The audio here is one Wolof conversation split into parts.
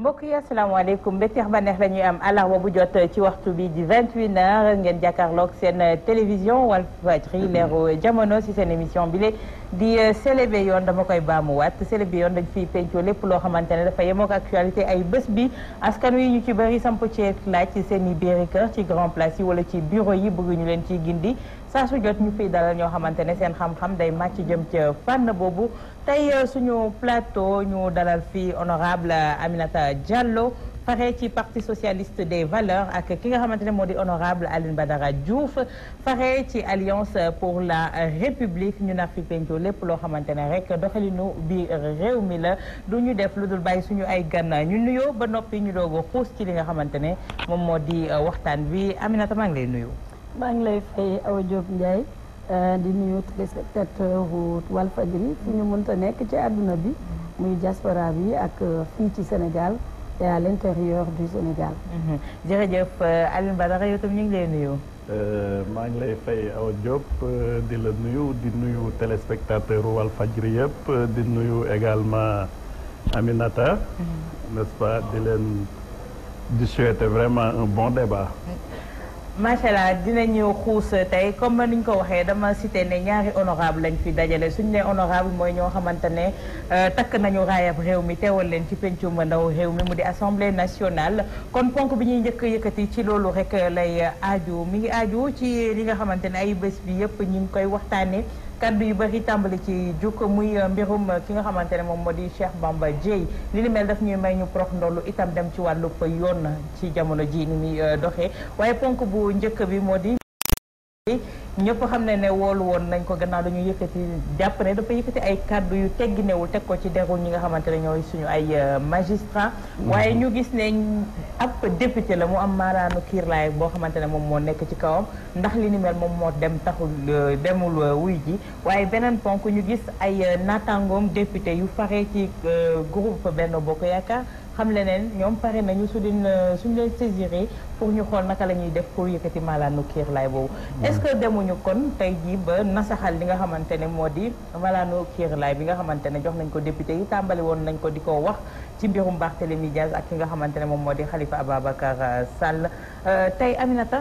mbokk yi asalaamaaleykum mbégteex bànneex la ñuy am àllarba bu jot ci waxtu bi di 28h ngeen jàkkaarloog seen euh, télévision Walfadjri leeru jamono si seen émission bi le di euh, célébé yoon dama koy baamuwaat célébé yoon dañu fiy pencoo lépp loo xamante ne dafa yemook actualité ay bés bi askan wi ñu ci bëri samp ci laaj ci seen i biir kër ci grand place yi wala ci bureau yi bëgg ñu leen ciy gindi saa su jot ñu fiy dalal ñoo xamante ne seen xam-xam day màcc jëm ca fànn boobu tey euh, suñu plateau ñu dalal fi honorable Aminata Diallo fare ci parti socialiste de valeurs ak ki nga xamante ne moo di honorable Aline dara Diouf fare ci alliance pour la république ñu nar fi penco lépp loo xamante ne rek doxalinu bi réew mi la du ñu def lu dul bàyyi suñu ay gan ñu nuyoo ba noppi ñu doog a xuus ci li nga xamante ne moom moo di euh, waxtaan bi Aminata maa ngi lay nuyoo maa ngi lay fay Awa Diop Euh, di nuyu téléspectateur Walfadjri fu ñu mënta nekk ci àdduna bi muy diaspora bi ak euh, fii ci Sénégal et à l'intérieur du Sénégal. Mhm. jërëjëf euh, Alioune Badara yow tam ñu ngi nuyu. maa ngi lay fay aw Diop di la nuyu di nuyu téléspectateur Walfadjri yëpp di nuyu également Aminata. Mhm. n'est-ce di leen di souhaiter vraiment un bon débat. macha dina dinañu xuus tey comme ni ñu ko waxee dama cité ne ñaari honorable lañ fi dajale suñu ne honorable mooy ñoo xamante ne euh, takk nañu raayab réew mi teewal leen ci pencum ndaw réew mi mu di assemblée nationale. kon ponk bi ñuy njëkk yëkkati ci loolu rek lay aaju mi ngi aaju ci li nga xamante ne ay bés bi yëpp ñu ngi koy waxtaanee. kaddu yu bëri tàmbali ci jukk muy euh, mbirum euh, ki nga xamante ne moom moo di Cheikh Bamba Dièye li ni mel daf ñuy may ñu prox ndollu itam dem ci wàllub yoon na ci jamono ji ni muy euh, doxee waaye ponk bu njëkk bi moo di ñëpp xam ne ne woolu woon nañ ko gannaaw dañu yëkkati jàpp ne dafa yëkkati ay kàddu yu teggi newul teg ko ci derul ñi nga xamante ne ñooy suñu ay euh, magistrat waaye ñu gis ne ab député la mu am maaraanu kiirlaay boo xamante ne moom moo nekk ci kawam ndax li ni mel moom moo dem taxul euh, demul euh, wuy ji waaye beneen ponk ñu gis ay naataangoom député yu fare ci groupe Benno Bokk Yaakaar xam leneen ñoom pare nañu su din suñ leen saisiré pour ñu xool naka la ñuy def pour yëkkati malaanu kiir laay boobu est-ce que demuñu kon tey jii ba nasaxal li nga xamante ne moo di malaanu kiir laay bi nga xamante ne jox nañ ko député yi tàmbali woon nañ ko di ko wax ci mbirum Barthélémy Diaz ak ki nga xamante ne moom moo di Khalifa Ababacar Sall euh, tey Aminata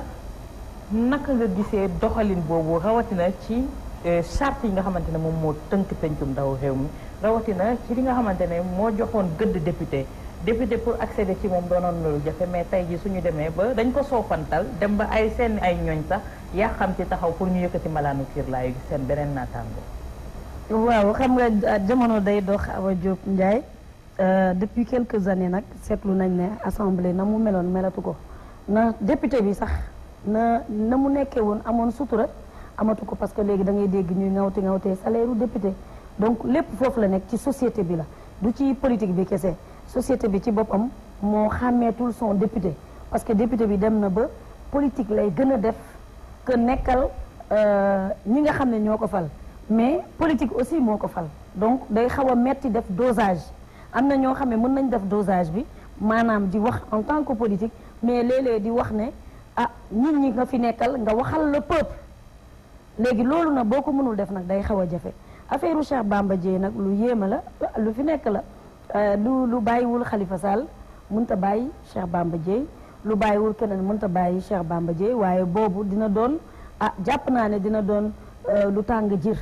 naka nga gisee doxalin boobu rawatina ci euh, charte yi nga xamante ne moom moo tënk pencum ndaw réew mi rawatina ci li nga xamante ne moo joxoon gëdd député député pour accéder ci moom doonoon loolu jafe mais tey ji suñu demee ba dañ ko soofantal dem ba ay seen ay ñooñ sax yaa xam ci taxaw pour ñu yëkkati malaanu kiir laa gi seen beneen naataango waaw xam nga ah, jamono day dox Awa Diop Ndiaye euh, depuis quelques années nag seetlu nañ ne assemblée na mu meloon melatu ko na député bi sax na na mu nekkee woon amoon sutura amatu ko parce que léegi da ngay dégg ñuy ŋawti ŋawtee salaire u député donc lépp foofu la nekk ci société bi la du ci politique bi kese société bi ci boppam moo xàmmeetul son député parce que député bi dem na ba politique lay gën a def que nekkal euh, ñi nga xam ne ñoo ko fal mais politique aussi moo ko fal donc day xaw a metti def dosage am na ñoo xam ne mën nañ def dosage bi maanaam di wax en tant que politique mais léeg-léeg di wax ne ah nit ñi nga fi nekkal nga waxal le peuple léegi loolu nag boo ko mënul def nag day xaw a jafe affaire Cheikh Bamba Dièye nag lu yéema la lu fi nekk la Euh, lu lu bàyyiwul Khalifa Sall mënut a bàyyi Cheikh Bamba Dièye lu bàyyiwul keneen mënut a bàyyi Cheikh Bamba Dièye waaye boobu dina doon ah jàpp naa ne dina doon euh, lu tàng jir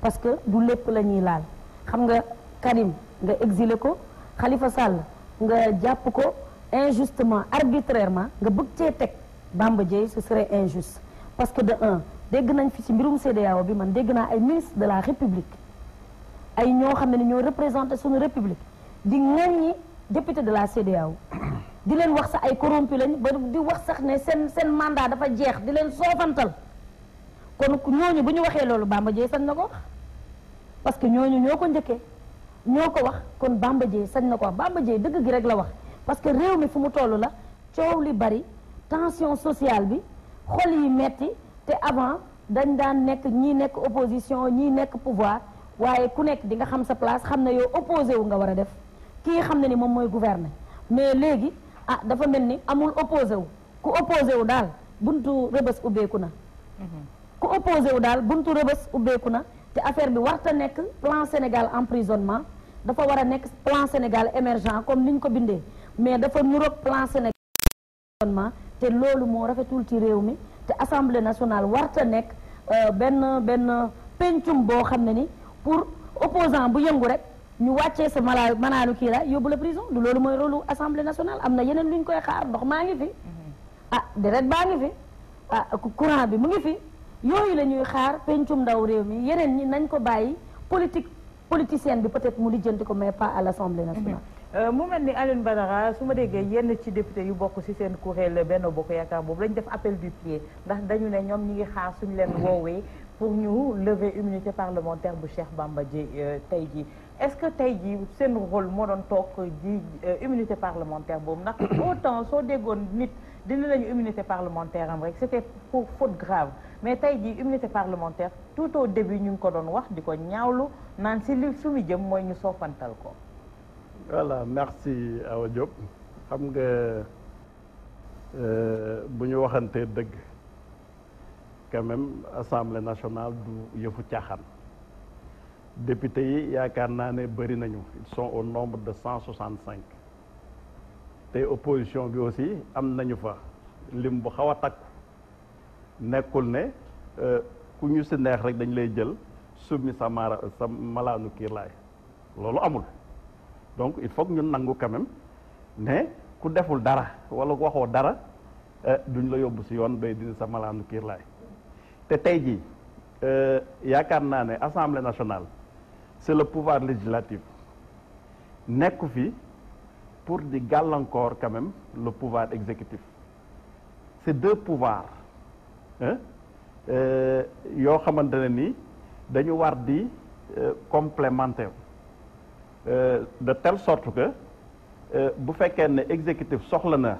parce que du lépp la ñuy laal xam nga Karim nga exilé ko Khalifa Sall nga jàpp ko injustement arbitrairement nga bëgg cee teg Bamba Dièye ce serait injuste parce que de un dégg nañ fi ci mbirum CEDEAO bi man dégg naa ay ministre de la république ay ñoo xam ne ñoo représenté suñu république di ŋaññi député de la CEDEAO di leen wax sax ay corrompu lañ ba di wax sax ne seen seen mandat dafa jeex di leen soofantal kon ñooñu bu ñu waxee loolu Bamba Dièye sañ na ko wax parce que ñooñu ñoo ko njëkkee ñoo ko wax kon Bamba Dièye sañ na ko wax Bamba Dièye dëgg gi rek la wax parce que réew mi fu mu toll la coow li bari tension sociale bi xol yi metti te avant dañ daan nekk ñii nekk opposition ñii nekk pouvoir waaye ku nekk di nga xam sa place xam ne yow opposé wu nga war a def kii xam ne ni moom mooy gouverner mais léegi ah dafa mel ni amul opposé wu ku opposé wu daal buntu rëbës ubbeeku na mhm. ku opposé wu daal buntu rëbës ubbeeku na te affaire bi warta nekk plan Sénégal emprisonnement dafa war a nekk plan Sénégal émergent comme ni ko bindee mais dafa nuroog plan Sénégal emprisonnement te loolu moo rafetul ci réew mi te assemblée nationale warta nekk euh, benn benn pencum boo xam ne ni pour opposant bu yëngu rek ñu wàccee sa mala manaanu kii la yóbbu la prison du loolu mooy rôle assemblée nationale am na yeneen lu ñu koy xaar ndox maa ngi fi mhm. ah deret baa ngi fi ah courant bi mu ngi fi yooyu la ñuy xaar pencum ndaw réew mi yeneen ñi nañ ko bàyyi politique politicienne bi peut-être mu lijjanti ko mais pas à l'assemblée nationale mhm. euh, mu mel ni Alioune Badara su ma déggee yenn ci député yu bokk ci seen kuréel Benno Bokk Yaakaar boobu lañ def appel du pied ndax dañu ne ñoom ñi ngi xaar suñu leen woowee pour ñu lever immunité parlementaire bu Cheikh Bamba Dièye euh, tey ji est-ce que tey jii seen rôle moo doon toog ji euh, immunité parlementaire boobu ndax autant soo déggoon nit dindi nañu immunité parlementaire am rek c'était pour faute grave mais tey jii immunité parlementaire tout au début ñu ngi ko doon wax di ko ñaawlu naan si li suñu jëm mooy ñu soofantal ko. voilà merci Awa Diop xam nga euh, bu ñu waxante dëgg quand même assemblée nationale du yëfu caaxaan. député yi yaakaar naa ne bëri nañu ils sont au nombre de cent soixante cinq te opposition bi aussi am nañu fa lim bu xaw a takku nekkul ne euh, ku ñu si neex rek dañ lay jël summi sa sa malaanu kiirlaay loolu amul donc il faut que ñu nangu quand même ne ku deful dara wala ku waxoo dara euh, duñ la yóbbu si yoon bay dina sa malaanu kiirlaay te tey jii euh, yaakaar naa ne assemblée national c'est le pouvoir législatif nekku fi pour di gàllankoor quand même le pouvoir exécutif c'est deux pouvoirs euh, yoo xamante ne ni dañu war di euh, complémentaire euh, de telle sorte que bu fekkee ne exécutif soxla na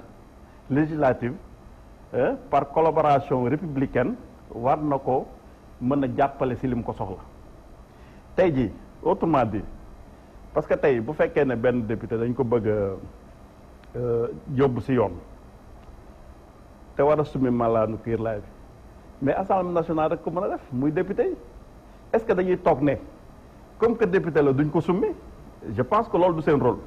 législative par collaboration républicaine war na ko mën a jàppale si lim ko soxla tey ji autrement dit parce que tey bu fekkee ne benn député dañ ko bëgg a euh, yóbbu si yoon te war a summi malaanu kiir laay mais assemblée nationale rek ko mën a def muy député yi est-ce que dañuy toog ne comme que député la duñ ko summi je pense que loolu du seen rol rôle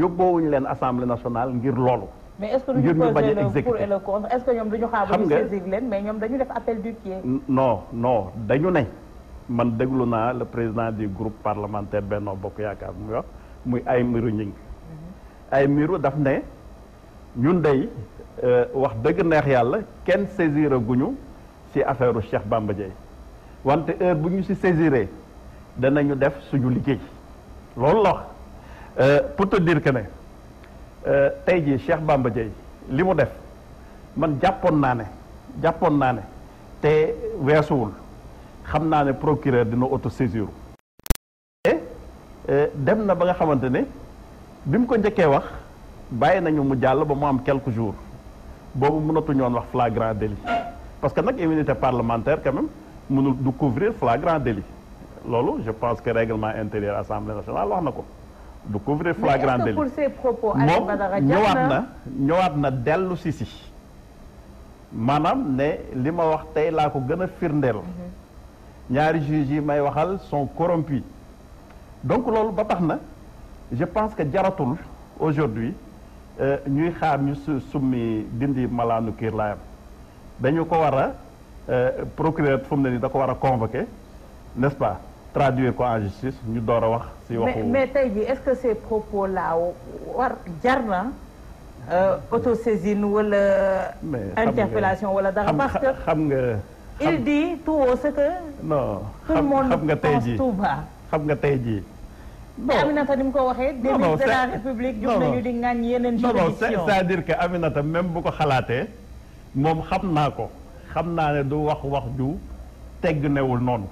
yóbboowuñu leen assemblée nationale ngir loolu. mais est-ce que duñu poser le pour et le contre est-ce que ñoom duñu xaar ba ñu saisir leen mais ñoom dañu def appel du pied. non non dañu ne. man déglu naa la président du groupe parlementaire Benno Bokk Yaakaar muy wax muy Aymérou Gningue mhm. Aymérou daf ne ñun dey euh, wax dëgg neex yàlla kenn saisir guñu ci affaire Cheikh Bamba wante heure bu ñu ci saisiree danañu def suñu liggéey loolu la wax euh, pour te ne euh, tey jii Cheikh Bamba Dièye li mu def man jàppoon naa ne jàppoon naa ne te weesuwul xam naa ne procureur dina auto-saisir euh, dem na ba nga xamante ne bi mu ko njëkkee wax bàyyi nañu mu jàll ba mu am quelques jour boobu mu mënatu ñoon wax flagrant délit parce que nag immunité parlementaire quand même mënul du couvrir flagrant délit loolu je pense que règlement intérieur assemblée nationale wax na ko du couvrir flagrant délit moom ñëwaat na ñëwaat na dellu si si maanaam ne li ma wax tey laa ko gën a firndeel mhm. ñaari juges yi may waxal sont corrompus donc loolu ba tax na je pense que jaratul aujourd'hui euh, ñuy xaar ñu su summi dindi malaanu kiir laayam dañu ko war a euh, procureur fu mu ne nii da ko war a convoqué n'est-ce pas traduire ko en justice ñu door a wax si waxu mais tey jii est-ce que ces propos là war jar na euh, autosaisine wala interpellation wala dara parce xam nga il dit tout ce que. non tout le xam nga tey jii. bon Aminata ni mu ko waxee. non non début de la république jug nañu di ŋañ yeneen. juridiction non non cest dire que Aminata même bu ko xalaatee moom xam naa ko xam naa ne du wax wax ju tegg newul noonu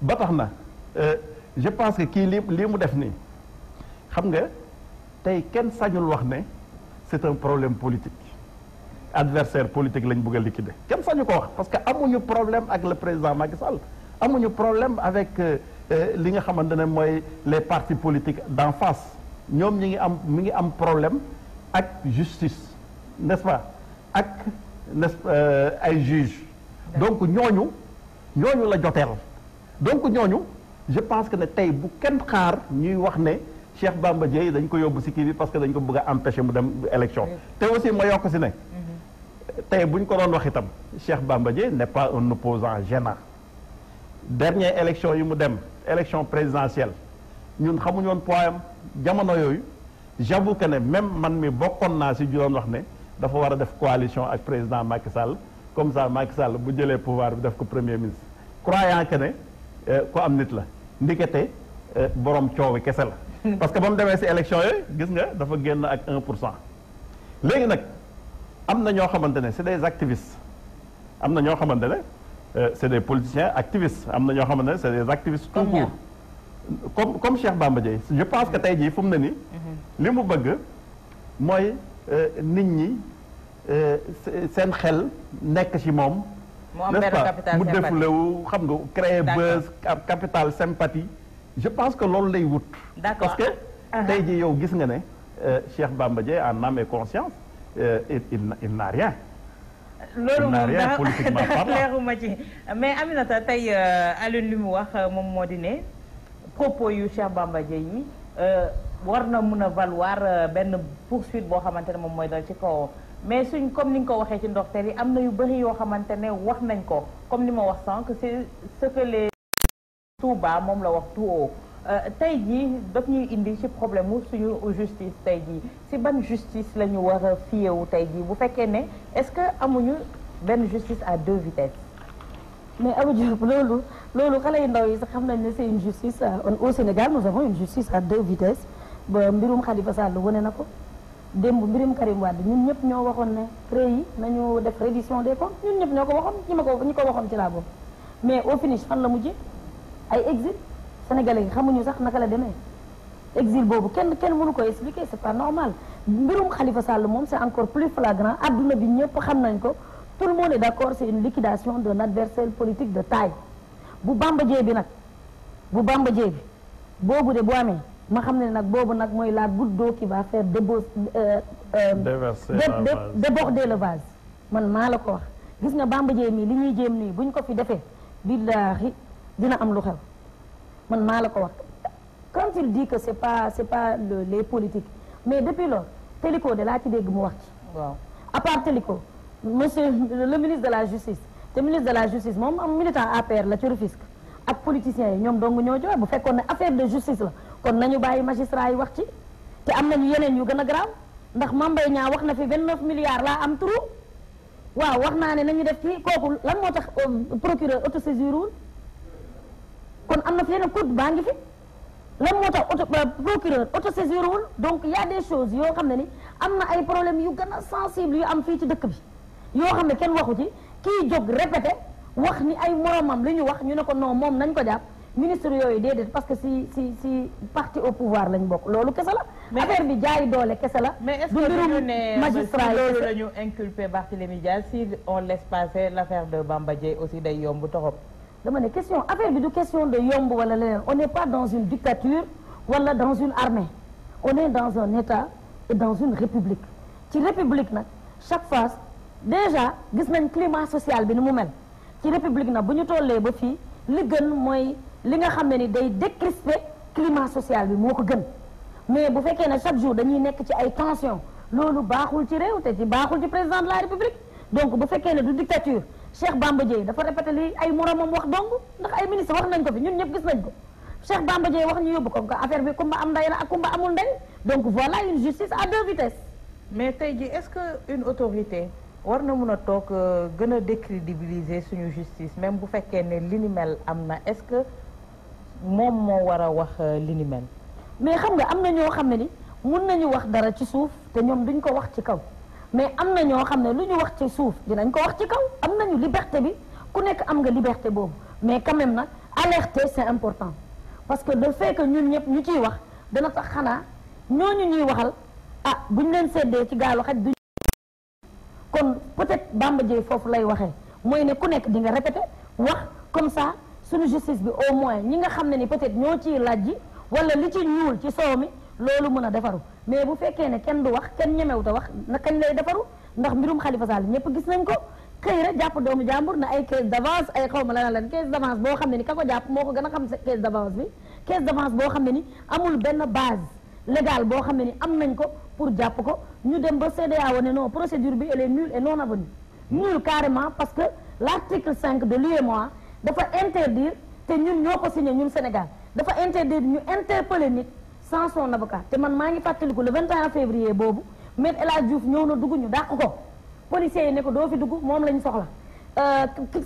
ba tax na euh, je pense que kii lii lii mu def nii xam nga tey kenn sañul wax ne c'est un problème politique. adversaire politique lañ bëgg a liquider kenn sañu ko wax parce que amuñu problème ak le président Macky Sall amuñu problème avec euh, euh, li nga xamante ne mooy les partis politiques d'en face ñoom ñi ngi am mi ngi am problème ak justice n'est-ce ak nest euh, ay juges donc ñooñu ñooñu la joteel donc ñooñu je pense que ne tey bu kenn xaar ñuy wax ne Cheikh Bamba Dièye dañ ko yóbbu si kii bi parce que dañ ko bëgg a empêcher mu dem élection te aussi ma yokk si ne tey bu ñu ko doon wax itam Cheikh Bamba Dièye n'est pas un opposant gênant dernier élection yi mu dem élection présidentielle ñun xamuñoon woon poids am jamono yooyu j'avoue que ne même man mi bokkoon naa si ju doon wax ne dafa war a def coalition ak président Macky Sall comme ça Macky Sall bu jëlee pouvoir bi def ko premier ministre croyant que ne euh, ku am nit la ndikete euh, borom coowi kese la parce que ba mu demee si élection yooyu gis nga dafa génn ak 1 pour cent léegi nag am na ñoo xamante ne c'est des activistes am na ñoo xamante ne euh, c'est des politiciens activistes am na ñoo xamante ne c'est des activistes tout comme comme Cheikh Bamba Dièye je pense que tey jii fu mu ni mm-hmm. li mu bëgg mooy euh, nit ñi euh, seen xel nekk ci moom n'est-ce pas mu xam nga créer buzz capital sympathie je pense que loolu lay wut parce que uh-huh. tey jii yow gis nga ne Cheikh Bamba Dièye en âme et conscience il il n'a rien. loolu moom dara leeruma ci mais Aminata tey euh, Alioune li mu wax euh, moom moo di ne propos yu Cheikh Bamba Dièye yi euh, war na mun a valoir benn poursuite boo xamante ne moom mooy dal ci kaw mais suñ comme ni nga ko waxee ci ndoxteel yi am na yu bëri yoo xamante ne wax nañ ko comme ni ma wax sànq c'est ce que les moom la wax tout Euh, tey jii daf ñuy indi ci problème mu suñu justice tey jii si ban justice la ñu war a fiyewu tey jii bu fekkee ne est-ce que amuñu benn justice à deux vitesses. mais Abou Diop loolu loolu xale yu ndaw yi sa xam nañ ne c'est une justice euh, au Sénégal nous avons une justice à deux vitesses ba mbirum Khalifa Sall wane na ko démb mbirum Karim bi ñun ñëpp ñoo waxoon ne pré yi nañu def reddition des comptes ñun ñëpp ñoo ko waxoon ñi ma ko ñu ko waxoon ci laa boobu mais au finish fan la mujjee ay exit sénégalais yi xamuñu sax naka la demee exil boobu kenn kenn mënu ko expliquer c'est pas normal mbirum xalifa sàll moom c'est encore plus flagrant adduna bi ñëpp xam nañ ko tout le monde est d'accord c'est une liquidation d'un adversaire politique de taille bu Bamba Dièye bi nag bu Bamba bi boobu de bu amee ma xam ne nag boobu nag mooy la goutte d'eau qui va faire débos euh, euh, déborder le vase man maa la ko wax gis nga Bamba Dièye mii li ñuy jéem nii bu ñu ko fi defee billaahi dina am lu xew man maa la ko wax quand il dit que c'est pas c'est pas le, les politiques mais depuis lors Téliko de laa ci dégg mu wax ci waaw à part Téliko monsieur le ministre de la justice te ministre de la justice moom am militant APR la ci Rufisque ak politiciens yi ñoom dong ñoo joxe bu fekkoon ne affaire de justice la kon nañu bàyyi magistrat yi wax ci te am nañu yeneen yu gën a garaaw ndax ma Mbaye ñaa wax na fi 29 milliards laa am trou waaw wax naa ne nañu def ci kooku lan moo tax euh, procureur autosaisir wul kon am na feneen code baa ngi fi lan moo tax auto euh, procureur autosaisir wul donc y a des yoo xam ne ni am na ay problème yu gën a sensible yu am fii ci dëkk bi yoo xam ne kenn waxu ci kii jóg répété wax ni ay moromam li ñu wax ñu ne ko non moom nañ ko jàpp ministre yooyu déedéet parce que si si si parti au pouvoir lañ bokk loolu kese la affaire bi jaay doole kese la du mbirum magistrat loolu la ñu inculpé Barthélémy Dias si on laisse passer l' affaire de Bamba jee aussi day yomb torop dama ne question affaire bi du question de yomb wala leneen on n'est pas dans une dictature wala dans une armée on est dans un état et dans une république ci république na chaque phase déjà gis nañ climat social bi ni mu mel ci république nag bu ñu tollee ba fii li gën mooy li nga xam ne ni day décrisper climat social bi moo ko gën mais bu fekkee ne chaque jour dañuy nekk ci ay tension loolu baaxul ci réew te ci baaxul ci président de la république donc bu fekkee ne du dictature Cheikh Bamba Dièye dafa répété li ay moromam wax dong ndax ay ministre wax nañ ko fi ñun ñëpp gis nañ ko Cheikh Bamba Dièye wax ñu yóbbu ko affaire bi kumba am ndey la ak kumba amul ndey donc voilà une justice à deux vitesses. mais tey jii est-ce que une autorité war na mun a toog euh, gën a décrédibiliser suñu justice même bu fekkee ne li am na est-ce que moom moo war a wax euh, li mais xam nga am na ñoo xam ne ni mun nañu wax dara ci suuf te ñoom duñ ko wax ci kaw. mais am na ñoo xam ne lu ñu wax ci suuf dinañ ko wax ci kaw am nañu liberté bi ku nekk am nga liberté boobu mais quand même nag alerter c'est important parce que le fait que ñun ñëpp ñu ciy wax dana tax xanaa ñoo ñooñu ñuy waxal ah ñu leen seddee ci gaalu xaj duñ kon peut-être Bamba Dièye foofu lay waxee mooy ne ku nekk di nga répéter wax comme ça sunu justice bi au moins ñi nga xam ne ni peut-être ñoo ciy laaj yi wala li ci ñuul ci soow mi loolu mën a defaru mais bu fekkee ne kenn du wax kenn ñemewut wax na kañ lay defaru ndax mbirum Khalifa Sall ñëpp gis nañ ko xëy na jàpp doomu jàmbur na ay caisse d'avance ay xaw ma la lan caisse d'avance boo xam ne ni ka ko jàpp moo ko gën a xam caisse d'avance bi caisse d'avance boo xam ne ni amul benn base légale boo xam ne ni am nañ ko pour jàpp ko ñu dem ba CEDEAO ne non procédure bi elle est nulle et non avenue nulle carrément parce que l'article 5 de l'UEMOA dafa interdire te ñun ñoo ko signé ñun Sénégal dafa interdire ñu interpeller nit sans son avocat te man maa ngi fàttaliku le 21 février boobu maître El Hadj Diouf ñëw na dugg ñu dàq ko policiers yi ne ko doo fi dugg moom lañ soxla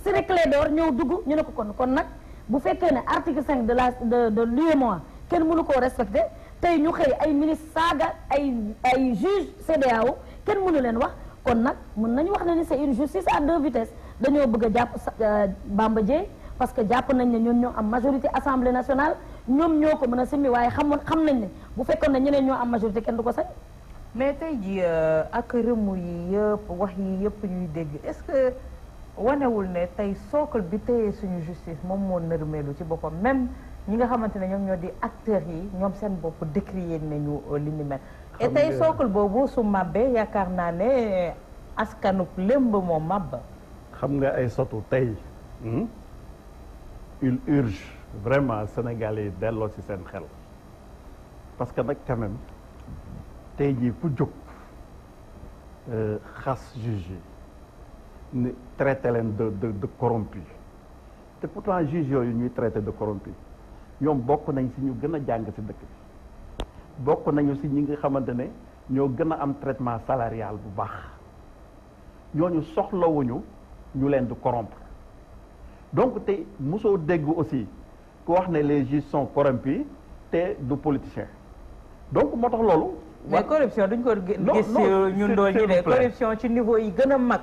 Ciré euh, Clédor ñëw dugg ñu ne ko kon kon nag bu fekkee ne article cinq de la de de mois kenn mënu koo respecté tey ñu xëy ay ministre saaga ay ay juge CEDEAO kenn mënu leen wax kon nag mën nañu wax ne ni c'est une justice à deux vitesses dañoo bëgg jàpp euh, Bamba Dièye parce que jàpp nañ ne ñoom ñoo am majorité assemblée nationale ñoom ñoo ko mën a simmi waaye xamoon xam nañ ne bu fekkoon ne ñeneen ñoo am majorité kenn du ko sañ mais tey ji euh, ak rëmu yi yëpp wax yi yëpp ñuy dégg est-ce que wanewul ne tey socle bi téye suñu justice moom moo nërmeelu ci boppam même ñi nga xamante ne ñoom ñoo di acteurs yi ñoom seen bopp décrier nañu euh, li ni mel et tey socle boobu su màbbee yaakaar naa ne askanub lémb moo màbb xam nga ay soto tey hmm, vraiment Sénégalais yi delloo ci seen xel parce que nag quand tey jii ku jóg euh, xas juge ni traité leen de de de corrompu te pourtant juge yooyu ñuy traité de corrompu ñoom bokk nañ si ñu gën a jàng ci dëkk bi bokk nañu si ñi nga xamante ne ñoo gën a am traitement salarial bu baax ñooñu soxlawuñu ñu leen di corrompre donc tey mosoo dégg aussi ku wax ne les juges sont corrompus te du politicien donc moo tax loolu. mais corruption duñ ko gis ñun doo ñu ne corruption ci niveau yi gën a mag.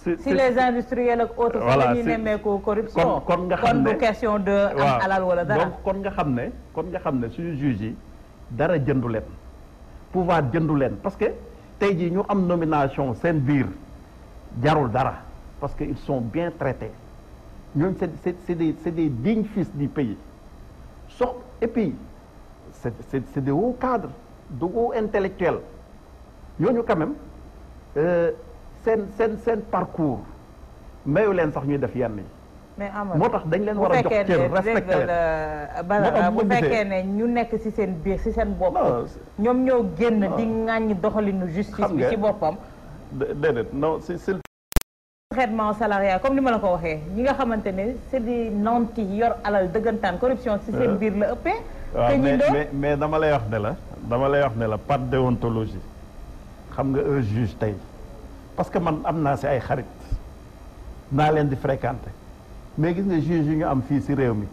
si les industriels ak autres. voilà si la ñuy nemmeeku corruption. kon nga xam ne kon question de. am wala dara kon nga xam ne. kon nga xam ne suñu juges yi dara jëndu leen pouvoir jëndu leen parce que tey jii ñu am nomination seen biir jarul dara parce que ils sont bien traités. ñooñ c'est c'est des c'est des dignes fils du pays sox et puis c'est c'est c'est des hauts cadres de ñooñu quand euh, seen seen seen parcours mayu leen sax ñuy def yenn yi. mais Amadou moo tax dañ leen war a jox cër respecté leen euh, bu fekkee ne ñu nekk ci seen biir ci seen bopp. ñoom ñoo génn di ŋàññ doxalinu justice bi ci boppam. déedéet non si traitement salarial comme ni ma la ko waxee ñi nga xamante ne c'est des nantis yor alal dëggantaan corruption ci seen euh, biir la ëppee te ñi doon mais mais dama lay wax ne la dama lay wax ne la par déontologie xam nga un juge tey parce que man am naa si ay xarit naa leen di fréquenter mais gis nga juge yi nga am fii si réew mi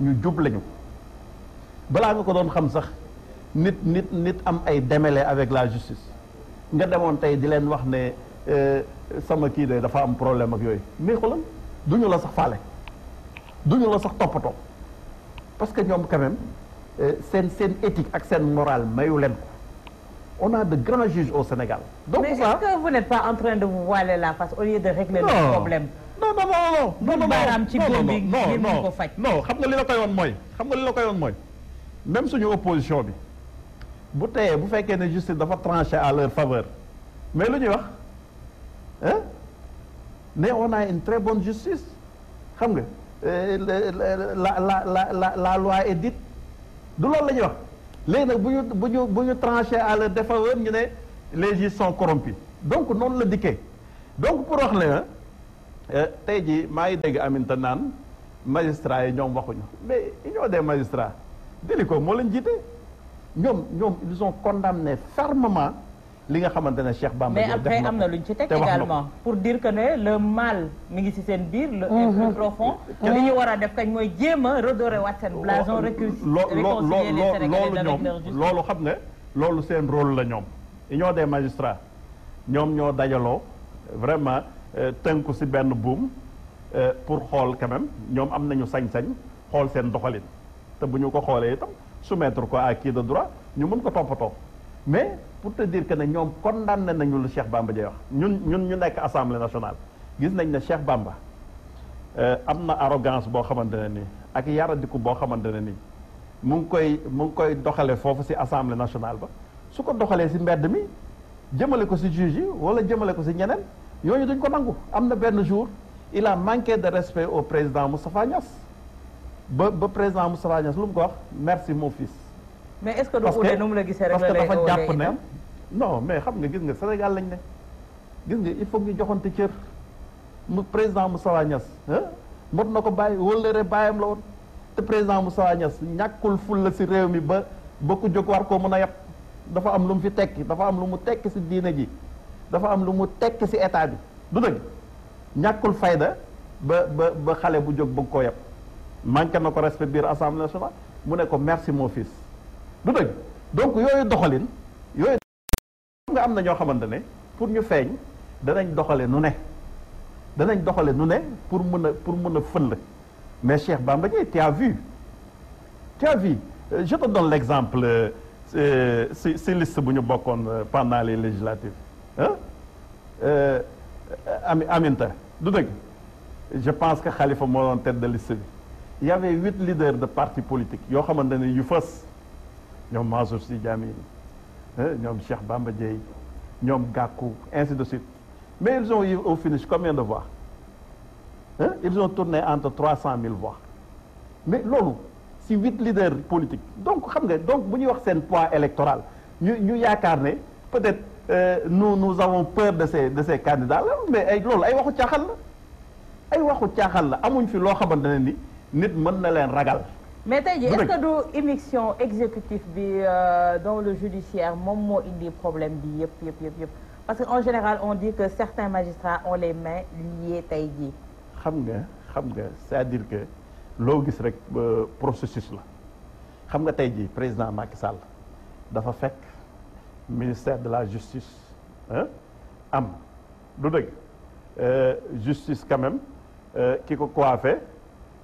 ñu jub lañu balaa nga ko doon xam sax nit nit nit am ay demele avec la justice nga demoon tey di leen wax ne Eh, sama kii de dafa am problème ak yooyu mais xoolal du ñu la sax faale du ñu la sax toppatoo parce que ñoom quand même eh, seen seen éthique ak seen morale mayu leen ko on a de grands juges au Sénégal. donc mais ça mais est-ce que vous n'êtes pas en train de vous voiler la ci góor bi ko faj. non xam nga li la koy woon mooy xam nga li la ko yoon mooy même suñu opposition bi bu teyee bu fekkee ne justice dafa tranché à leur faveur mais lu ñuy wax. ah mais on a une très bonne justice xam nga euh, la la la la la loi est dite du loolu la wax léegi nag bu ñu bu ñu bu ñu tranché à leur défaveur ñu ne les juges sont corrompus donc noonu la dikkee donc pour wax la euh, tey jii maa ngi dégg Aminta naan magistrats yi ñoom waxuñu mais union des magistrats déli ko moo leen jiite ñoom ñoom ils ont condamné fermement li nga xamante ne Cheikh Bamba mais après am na luñ ci teg également pour dire que ne le mal mi ngi ci seen biir le plus mhm. profond li ñu war a def kañ mooy jéem a redorer waat rek blason réconcilier les Sénégalais avec loolu xam ne loolu seen rôle la ñoom union des magistrats ñoom ñoo dajaloo vraiment euh, tënku si benn buum euh, pour xool quand ñoom am nañu sañ-sañ xool seen doxalin te bu ñu ko xoolee su metre ko à qui de droit ñu mën ko toppatoo pour te dire que ne ñoom kon condamné nañu lu Cheikh bàmba di wax ñun ñun ñu nekk assemblée nationale gis nañ ne Cheikh Bamba euh, am na arrogance boo xamante ne nii ak yaradiku boo xamante ne nii mu ngi koy mu ngi koy doxalee foofu ci assemblée nationale ba su ko doxalee ci mbedd mi jëmale ko ci juge yi walla jëmale ko ci ñeneen ñooñu dañ ko nangu am na benn jour il a manqué de respect au président Moustapha Niass ba ba président Moustapha Niass lu mu ko wax merci mon fils mais est-ce que du uute nu mu la gisee rek la lay dafa jàpp ne non mais xam nga gis nga Sénégal lañ ne gis nga il faut ñu joxante cër mu président mu Niass mot na ko bàyyi wóllëre bàyyam la woon te président Moustapha Niass ñàkkul ful la si réew mi ba ba ku jóg war koo mën a yab dafa am lu mu fi tekki dafa am lu mu tekki si diine ji dafa am lu mu tekki si état bi du dëgg ñàkkul fayda ba ba xale bu jóg bëgg koo yab manqué na ko respect biir assemblée nationale mu ne ko merci mon fils du dëgg donc yooyu doxalin yooyu nga am na ñoo xamante ne pour ñu feeñ danañ doxale nu ne danañ doxale nu ne pour mën a pour mën a fël mais Cheikh Bamba Dièye tu as vu tu euh, je te donne l'exemple euh, si si bu ñu bokkoon euh, pendant les législatives ah ami aminta du dëgg je pense que Khalifa moo doon tête de liste bi il y avait huit leaders de partis politiques yoo xamante ne yu fës ñoom Mansour Sy Djamil ñoom Cheikh Bamba Dièye ñoom Gakou ainsi de suite mais ils ont eu au finish combien de voix hein? ils ont tourné entre trois cent mille voix mais loolu si huit leaders politique donc xam nga donc bu ñuy wax seen poids électoral ñu ñu yaakaar ne peut-être euh, nous nous avons peur de ces de ces candidats là mais ay loolu ay waxu caaxal la ay waxu caaxal la amuñ fi loo xamante ne ni nit mën na leen ragal mais tey jii est-ce que du émission exécutif bi euh, dans le judiciaire moom moo indi problème bi yëpp yëpp yëpp yëpp parce que en général on dit que certains magistrats ont les mains liées tey jii. xam nga xam nga c'est-à-dire que loo gis rek euh, processus la xam nga tey jii président Macky Sall dafa fekk ministère de la justice ah am du dëgg euh, justice quand même ki ko coiffé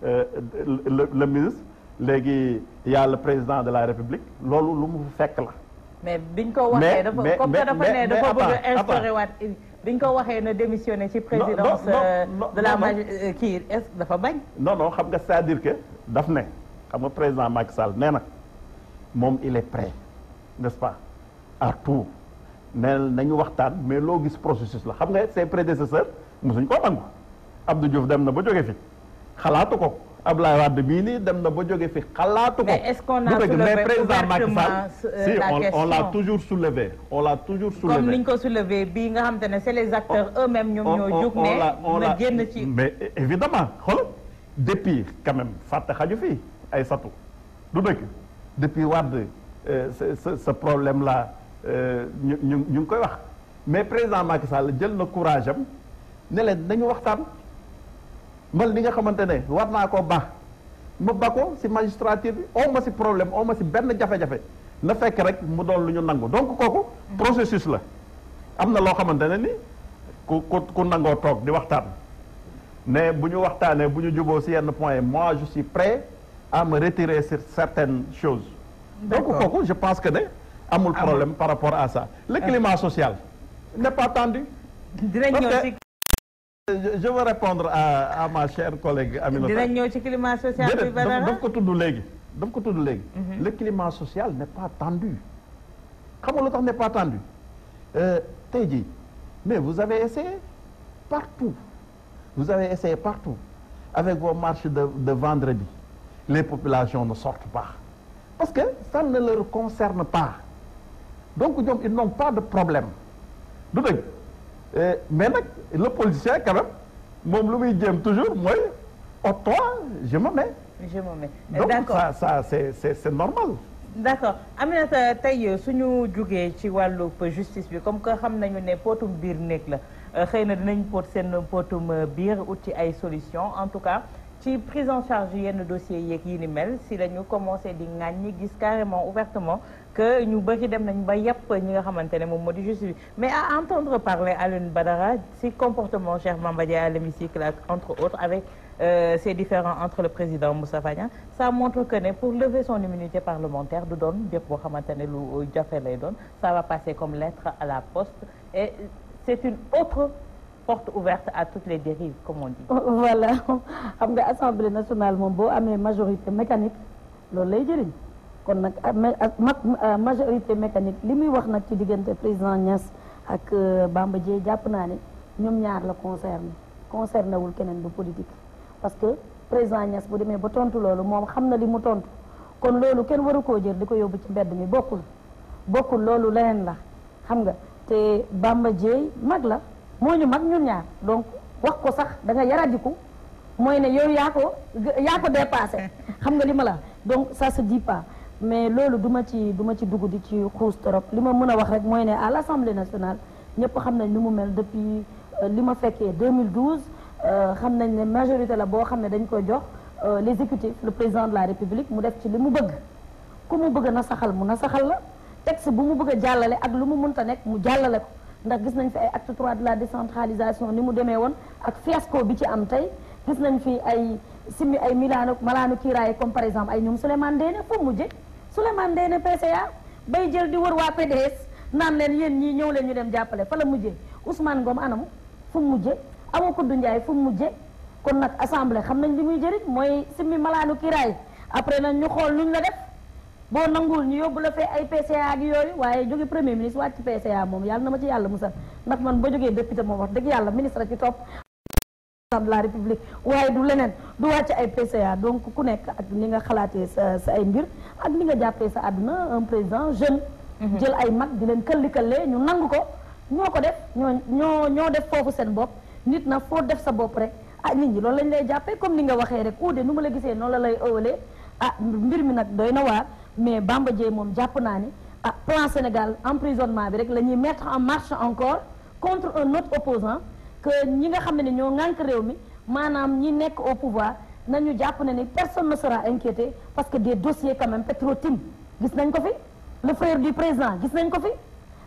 le le ministre. léegi yàlla président de la république loolu lu mu fekk la. mais biñ ko waxee dafa comme que dafa ne dafa bëgg a instauré waat biñ ko waxee na démissionné ci présidence euh, de la maj euh, kii dafa bañ. non non xam nga sa à dire que daf ne xam nga président Macky Sall nee na moom il est prêt n'est-ce pas à tout nee nañu waxtaan mais loo gis processus la xam nga ses prédécesseurs mosuñ koo nangu Abdou Diouf dem na ba jóge fi xalaatu ko. Ablaye Wade bii nii dem na ba jóge fi xalaatu ko. mais président Macky Sall euh, on on toujours soulevé. on toujours soulevé comme ni ñu ko soulevé bii nga xam te ne c'est les acteurs eux-mêmes ñoom ñoo jug ne na génn ci. mais euh, problème là euh, ñu ñu koy wax mais président Macky Sall jël na courage am ne leen nañu waxtaan. man li nga xamante ne war naa koo baax ma ba ko si magistrature bi si problème aw ma si benn jafe-jafe na fekk rek mu doon lu ñu nangu donc kooku mm. processus la am na loo xamante ne ni ku ku ku nangoo toog di waxtaan mais bu ñu waxtaanee bu ñu juboo si yenn point mois je suis prêt à me retirer sur certaines choses donc kooku je pense que ne amul problème par rapport à sa le euh. climat social n'est pas tendu dinañ ñëw si je veux répondre à à ma chère collègue Aminata dinañ ñëw ci climat social bi ko tudd léegi daf ko mhm. le climat social n'est pas tendu xam nga lu tax n'est pas tendu euh, tey jii mais vous avez essayé partout vous avez essayé partout avec vos marches de de vendredi les populations ne sortent pas parce que ça ne leur concerne pas donc ils n'ont pas de problème du dëgg mais nag le politicien quand même moom lu muy jéem toujours mooy au oh, toi je me mets. je me mets donc ça ça c'est c'est c'est normal. d'accord Aminata tey euh, suñu jugee ci wàllub euh, justice bi comme que xam nañu ne potum biir néeg la euh, xëy na dinañ pot seen potum biir ut ci ay solution en tout cas ci prise en charge yenn dossiers yeeg yi ni mel si la ñu commencé di ŋàññi gis carrément ouvertement que ñu bëri dem nañ ba yàpp ñi nga xamante ne moom moo di justice bi mais à entendre parler Alioune Badara si comportement Cheikh Bamba Diaye à l'hémicycle ak entre autres avec euh, ces entre le président Moustapha Niasse sa montre que ne pour lever son immunité parlementaire du doon jëf boo xamante ne le jafe lay doon ça va passer comme lettre à la poste et c'est une autre porte ouverte à toutes les dérives comme on dit. voilà xam nga assemblée nationale moom boo amee majorité mécanique loolu lay jëriñ. kon nag ah, ah, ah, majorité mécanique li muy wax nag ci diggante président Niass ak euh, Bamba Dièye jàpp naa ne ñoom ñaar la concerné concerné wul keneen bu politique parce que président Niass bu demee ba tontu loolu moom xam na li mu tontu kon loolu kenn waru koo jër di ko yóbbu ci mbedd mi bokkul bokkul loolu leneen la xam nga te Bamba Dièye mag la moo ñu mag ñun ñaar donc wax ko sax danga nga yaradiku mooy ne yow yaa ko yaa ko dépassé xam nga li ma la donc ça se dit pas mais loolu du ma ci du ma ci dugg di ci xuus trop li ma mën a wax rek mooy ne à l' assemblée nationale ñëpp xam nañ ni mu mel depuis euh, li ma fekkee 2012 euh, xam nañ ne majorité la boo xam ne dañ koy jox euh, l' exécutif le président de la république mu def ci li mu bëgg ku mu bëgg na saxal mu na saxal la texte bu mu bëgg a jàllale ak lu mu munta nekk mu jàllale ko ndax gis nañ fi ay acte 3 de la décentralisation ni mu demee woon ak fiasco bi ci am tey gis nañ fi ay simmi ay milaanu malaanu kiiraay comme par exemple ay ñoom Souleymane Ndéné Souleymane Ndeye ne PCA bay jël di wër waa PDS naan leen yéen ñii ñëwleen ñu dem jàppale fa la mujjee Ousmane ngoom anamu fu mu mujjee Awa Koudou Ndiaye fu mu mujjee kon nag assemblée xam nañ li muy jëriñ mooy simmi malaanu kiraay après nag ñu xool luñ la def boo nanguwul ñu yóbbu la fee ay PCA ak yooyu waaye jóge premier ministre ci PCA moom yàlla na ma ci yàlla musal ndax man ba jógee député moom wax dëgg yàlla ministre ci topp de la république waaye du leneen du wàcc ay PCA donc ku nekk ak ni nga xalaatee sa sa ay mbir ak ni nga jàppee sa àdduna un président jeune mhm. jël ay mag di leen këlli-këllee ñu nangu ko ñoo ko def ñoo ñoo ñoo def foofu seen bopp nit na foo def sa bopp rek ah nit ñi loolu lañ lay jàppee comme ni nga waxee rek uude nu ma la gisee noonu la lay ëwalee ah mbir mi nag doy na waar mais Bamba Dièye moom jàpp naa ni ah plan Sénégal emprisonnement bi rek la ñuy mettre en marche encore contre un autre opposant que ñi nga xam ne ñoo ŋànk réew mi maanaam ñi nekk au pouvoir ñu jàpp ne ni personne ne sera inquiété parce que des dossiers quand même petro gis nañ ko fi le frère du président gis nañ ko fi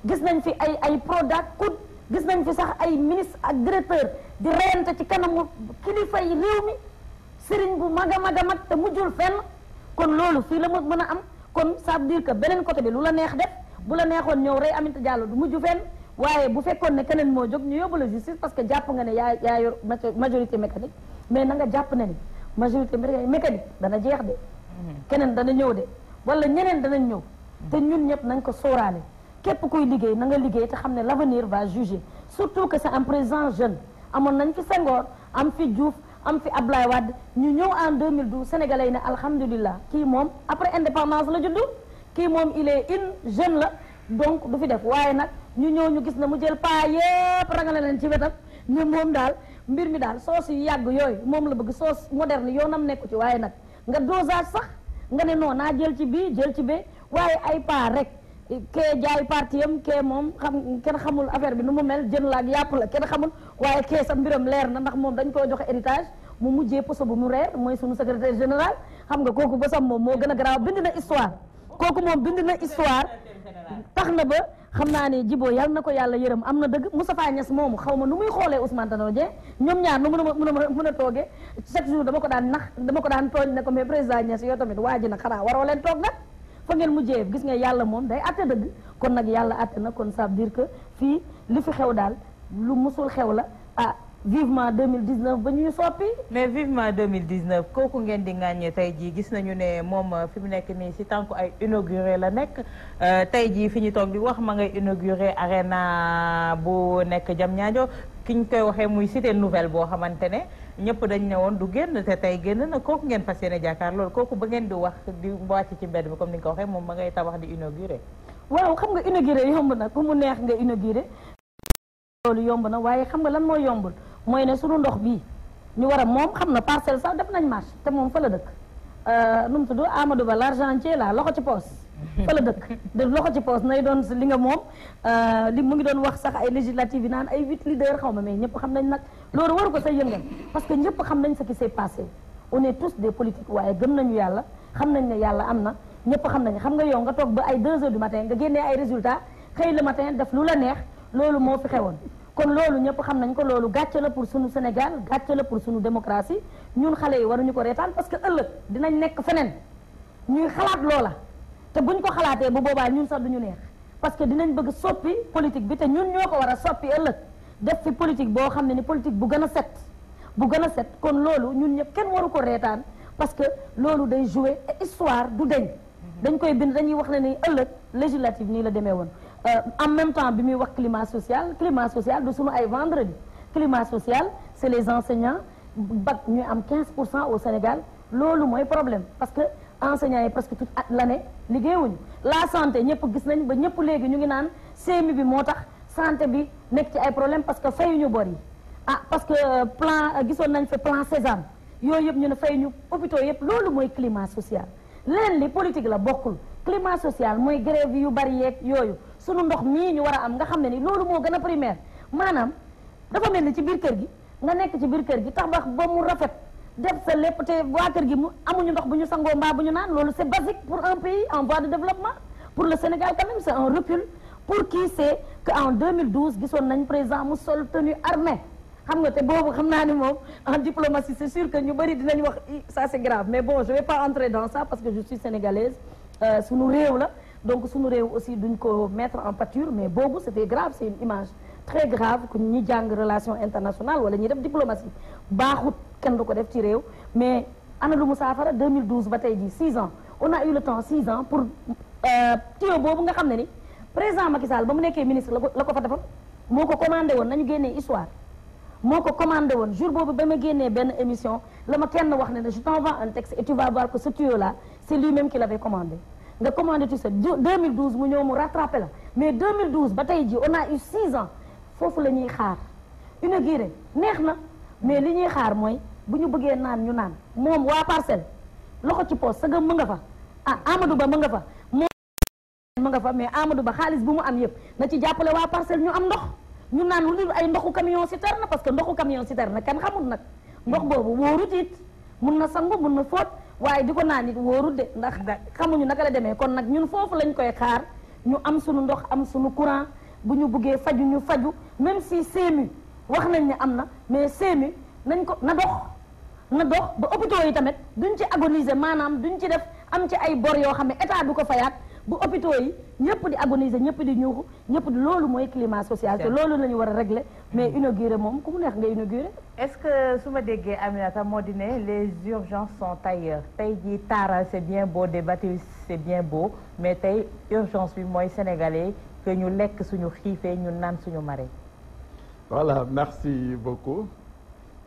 gis nañ fi ay ay Prodac COUD gis nañ fi sax ay ministre ak directeur di reyante ci kanamu kilifa yi réew mi sëriñ bu mag a mag a mag te mujjul fenn kon loolu fii la mu mën a am kon ça veut que beneen côté bi lu la neex def bu la neexoon ñëw rey Aminata Diallo du mujj fenn waaye bu fekkoon ne keneen moo jog ñu yóbbu la justice parce que jàpp nga ne yaa yaa yor majorité mécanique mais na nga jàpp na ni majorité mécanique dana jeex de mhm. keneen dana ñëw de wala ñeneen danañ ñëw te mhm. ñun ñëpp nañ ko sóoraale képp kuy liggéey na nga liggéey te xam ne l'avenir va juger surtout que c'est un président jeune amoon nañ fi Senghor am fi Diouf am fi Ablaye Wade ñu ñëw en 2012 sénégalais yi ne alhamdulilah kii moom après indépendance la juddu kii moom il est une la donc du fi def waaye nag ñu ñëw ñu gis na mu jël paa yépp rangale leen ci wetam ne moom daal mbir mi daal soos yu yàgg yooyu moom la bëgg soos moderne yoonam nekku ci waaye nag nga dosage sax nga ne non naa jël ci bii jël ci bee waaye ay paa rek kee jaay parti am kee moom xam kenn xamul affaire bi nu mu mel jën la ak yàpp la kenn xamul waaye kee sa mbiram leer na ndax moom dañ koo joxe héritage mu mujjee poso bu mu reer mooy sunu secrétaire général xam nga kooku ba sam moom moo gën a garaaw bind na histoire kooku moom bind na histoire tax na ba xam naa ne Djibo yal na ko yàlla yërëm am na dëgg Moustapha Niass moomu xaw ma nu muy xoolee Ousmane Tanor Dieng ñoom ñaar nu mun a mun a mun a toogee chaque jour dama ko daan nax dama ko daan ko mais président Niass yow tamit waa ji nag xanaa waroo leen toog nag fa ngeen mujjee gis nga yàlla moom day atte dëgg kon nag yàlla atte na kon ça veut dire que fii li fi xew daal lu musul xew la ah vivement 2019 ba ñu soppi. mais vivement 2019 kooku ngeen di ŋàññee tey jii gis nañu ne moom euh, fi mu nekk nii si tànku ay inauguré la nekk euh, tey jii fi ñu toog di wax ma ngay inauguré arena bu nekk jam Diamniadio ki ñu koy waxee muy cité nouvelle boo xamante ne ñëpp dañ ne woon du génn te tey génn na kooku ngeen fas yéene jàkkaar loolu kooku ba ngeen di wax di wàcc ci mbedd bi comme ni nga ko waxee moom ma ngay tabax di inauguré. waaw xam nga inauguré yomb na ku mu neex nga inauguré. loolu yomb na waaye xam nga lan moo yombul. mooy ne sunu ndox bii ñu war a moom xam na parcelle sax def nañ marché te moom fa la dëkk euh, nu mu tudd Amadou Ba l'argentier la loxo ci poos fa la dëkk de loxo ci poos nay doon li nga moom euh, li mu ngi doon wax sax ay législative yi naan ay huit leaders xaw ma mais ñëpp xam nañ nag loolu waru ko say yëngal parce que ñëpp xam nañ ce qui s'est passé on est tous des politiques waaye gëm nañu yàlla xam nañ ne yàlla am na ñëpp xam nañ xam nga yow nga toog ba ay deux heures du matin nga génnee ay résultats xëy def lu la neex loolu moo fi xewoon kon loolu ñëpp xam nañ ko loolu gàcce la pour suñu Sénégal gàcce la pour suñu démocratie ñun xale yi waruñu ko reetaan parce que ëllëg dinañ nekk feneen ñuy xalaat loola te buñ ko xalaatee bu boobaa ñun sax duñu neex parce que dinañ bëgg soppi politique bi te ñun ñoo ko war a soppi ëllëg def fi politique boo xam ne ni politique bu gën a set bu gën a set kon loolu ñun ñëpp kenn waru ko reetaan parce que loolu day jouer histoire du deñ dañ koy bind dañuy wax ne ni ëllëg législative nii la demee woon Euh, en même temps bi muy wax climat social climat social du sunu ay vendredi climat social c'est les enseignants bag ñuy am 15 pour cent au Sénégal loolu mooy problème parce que enseignants yi presque toute at l'année liggéeyuñu la santé ñëpp gis nañ ba ñëpp léegi ñu ngi naan CMU bi moo tax santé bi nekk ci ay problème parce que fayuñu bor yi ah parce que euh, plan euh, gisoon nañ fi plan Sésame yooyu yëpp ñu ne fayuñu hôpitaux yëpp loolu mooy climat social leneen li politique la bokkul climat social mooy grève yu bari yeeg yooyu sunu ndox mii ñu war a am nga xam ne ni loolu moo gën a primaire maanaam dafa mel ni ci biir kër gi nga nekk ci biir kër gi tabax ba mu rafet def sa lépp te waa kër gi mu amuñu ndox bu ñu sangoo mbaa bu ñu naan loolu c'est basique pour un pays en voie de développement pour le Sénégal quand c'est un recul pour qui c'est que en gisoon nañ président mu sol tenue armée xam nga te boobu xam naa ni moom en diplomatie c'est sûr que ñu bëri dinañ wax ça mais bon je vais pas entrer dans que je suis sénégalaise euh, sunu la donc suñu réew aussi duñ ko mettre en pâture mais boobu c'était grave c'est une image très grave que ñi jàng relation internationale wala ñi def diplomatie baaxut kenn du ko def ci réew mais ana lu mu saafara 2012 ba tey jii 6 ans on eu le temps 6 ans pour tuyau euh, boobu nga xam ne ni président Macky ba mu nekkee ministre la ko la ko fa defal moo ko commandé woon nañu génnee histoire moo ko commandé woon jour boobu ba ma génnee benn émission la ma kenn wax ne ne je t'envoie un texte et tu vas commandé nga commandé tout ça 2012 mu ñëw mu rattrapé la mais 2012 ba tey ji on a eu 6 ans foofu la ñuy xaar inauguré neex na mais li ñuy xaar mooy bu ñu bëggee naan ñu naan moom waa parcelle loxo ci poos sa mu nga fa ah Amadou Ba mu fa moom mu nga fa mais Amadou Ba xaalis bu mu am yëpp na ci jàppale waa parcelle ñu am ndox ñu naan lu dul ay ndoxu camion citerne parce que ndoxu camion na kenn xamul nag ndox boobu wóorut it mun na sangu mun na fóot waaye di ko naan it wóorul de ndax xamuñu naka la demee kon nag ñun foofu lañ koy xaar ñu am suñu ndox am suñu courant bu ñu buggee faju ñu faju même si seemi wax nañ ne am na mais seemi nañ ko na dox na dox ba hôpitaux yi tamit duñ ci agoniser maanaam duñ ci def am ci ay bor yoo xam ne état du ko fayaat bu hôpitaux yi ñëpp di agoniser ñëpp di ñuuxu ñëpp di loolu mooy climat social te loolu la ñu war a régler mais inaugurer moom ku mu neex nga inaugurer est-ce que su ma déggee Aminata moo di ne les urgences sont ailleurs tey jii taara c'est bien beau débattre c'est bien beau mais tey urgence bi mooy sénégalais que ñu lekk suñu xiifee ñu naan suñu mare voilà merci beaucoup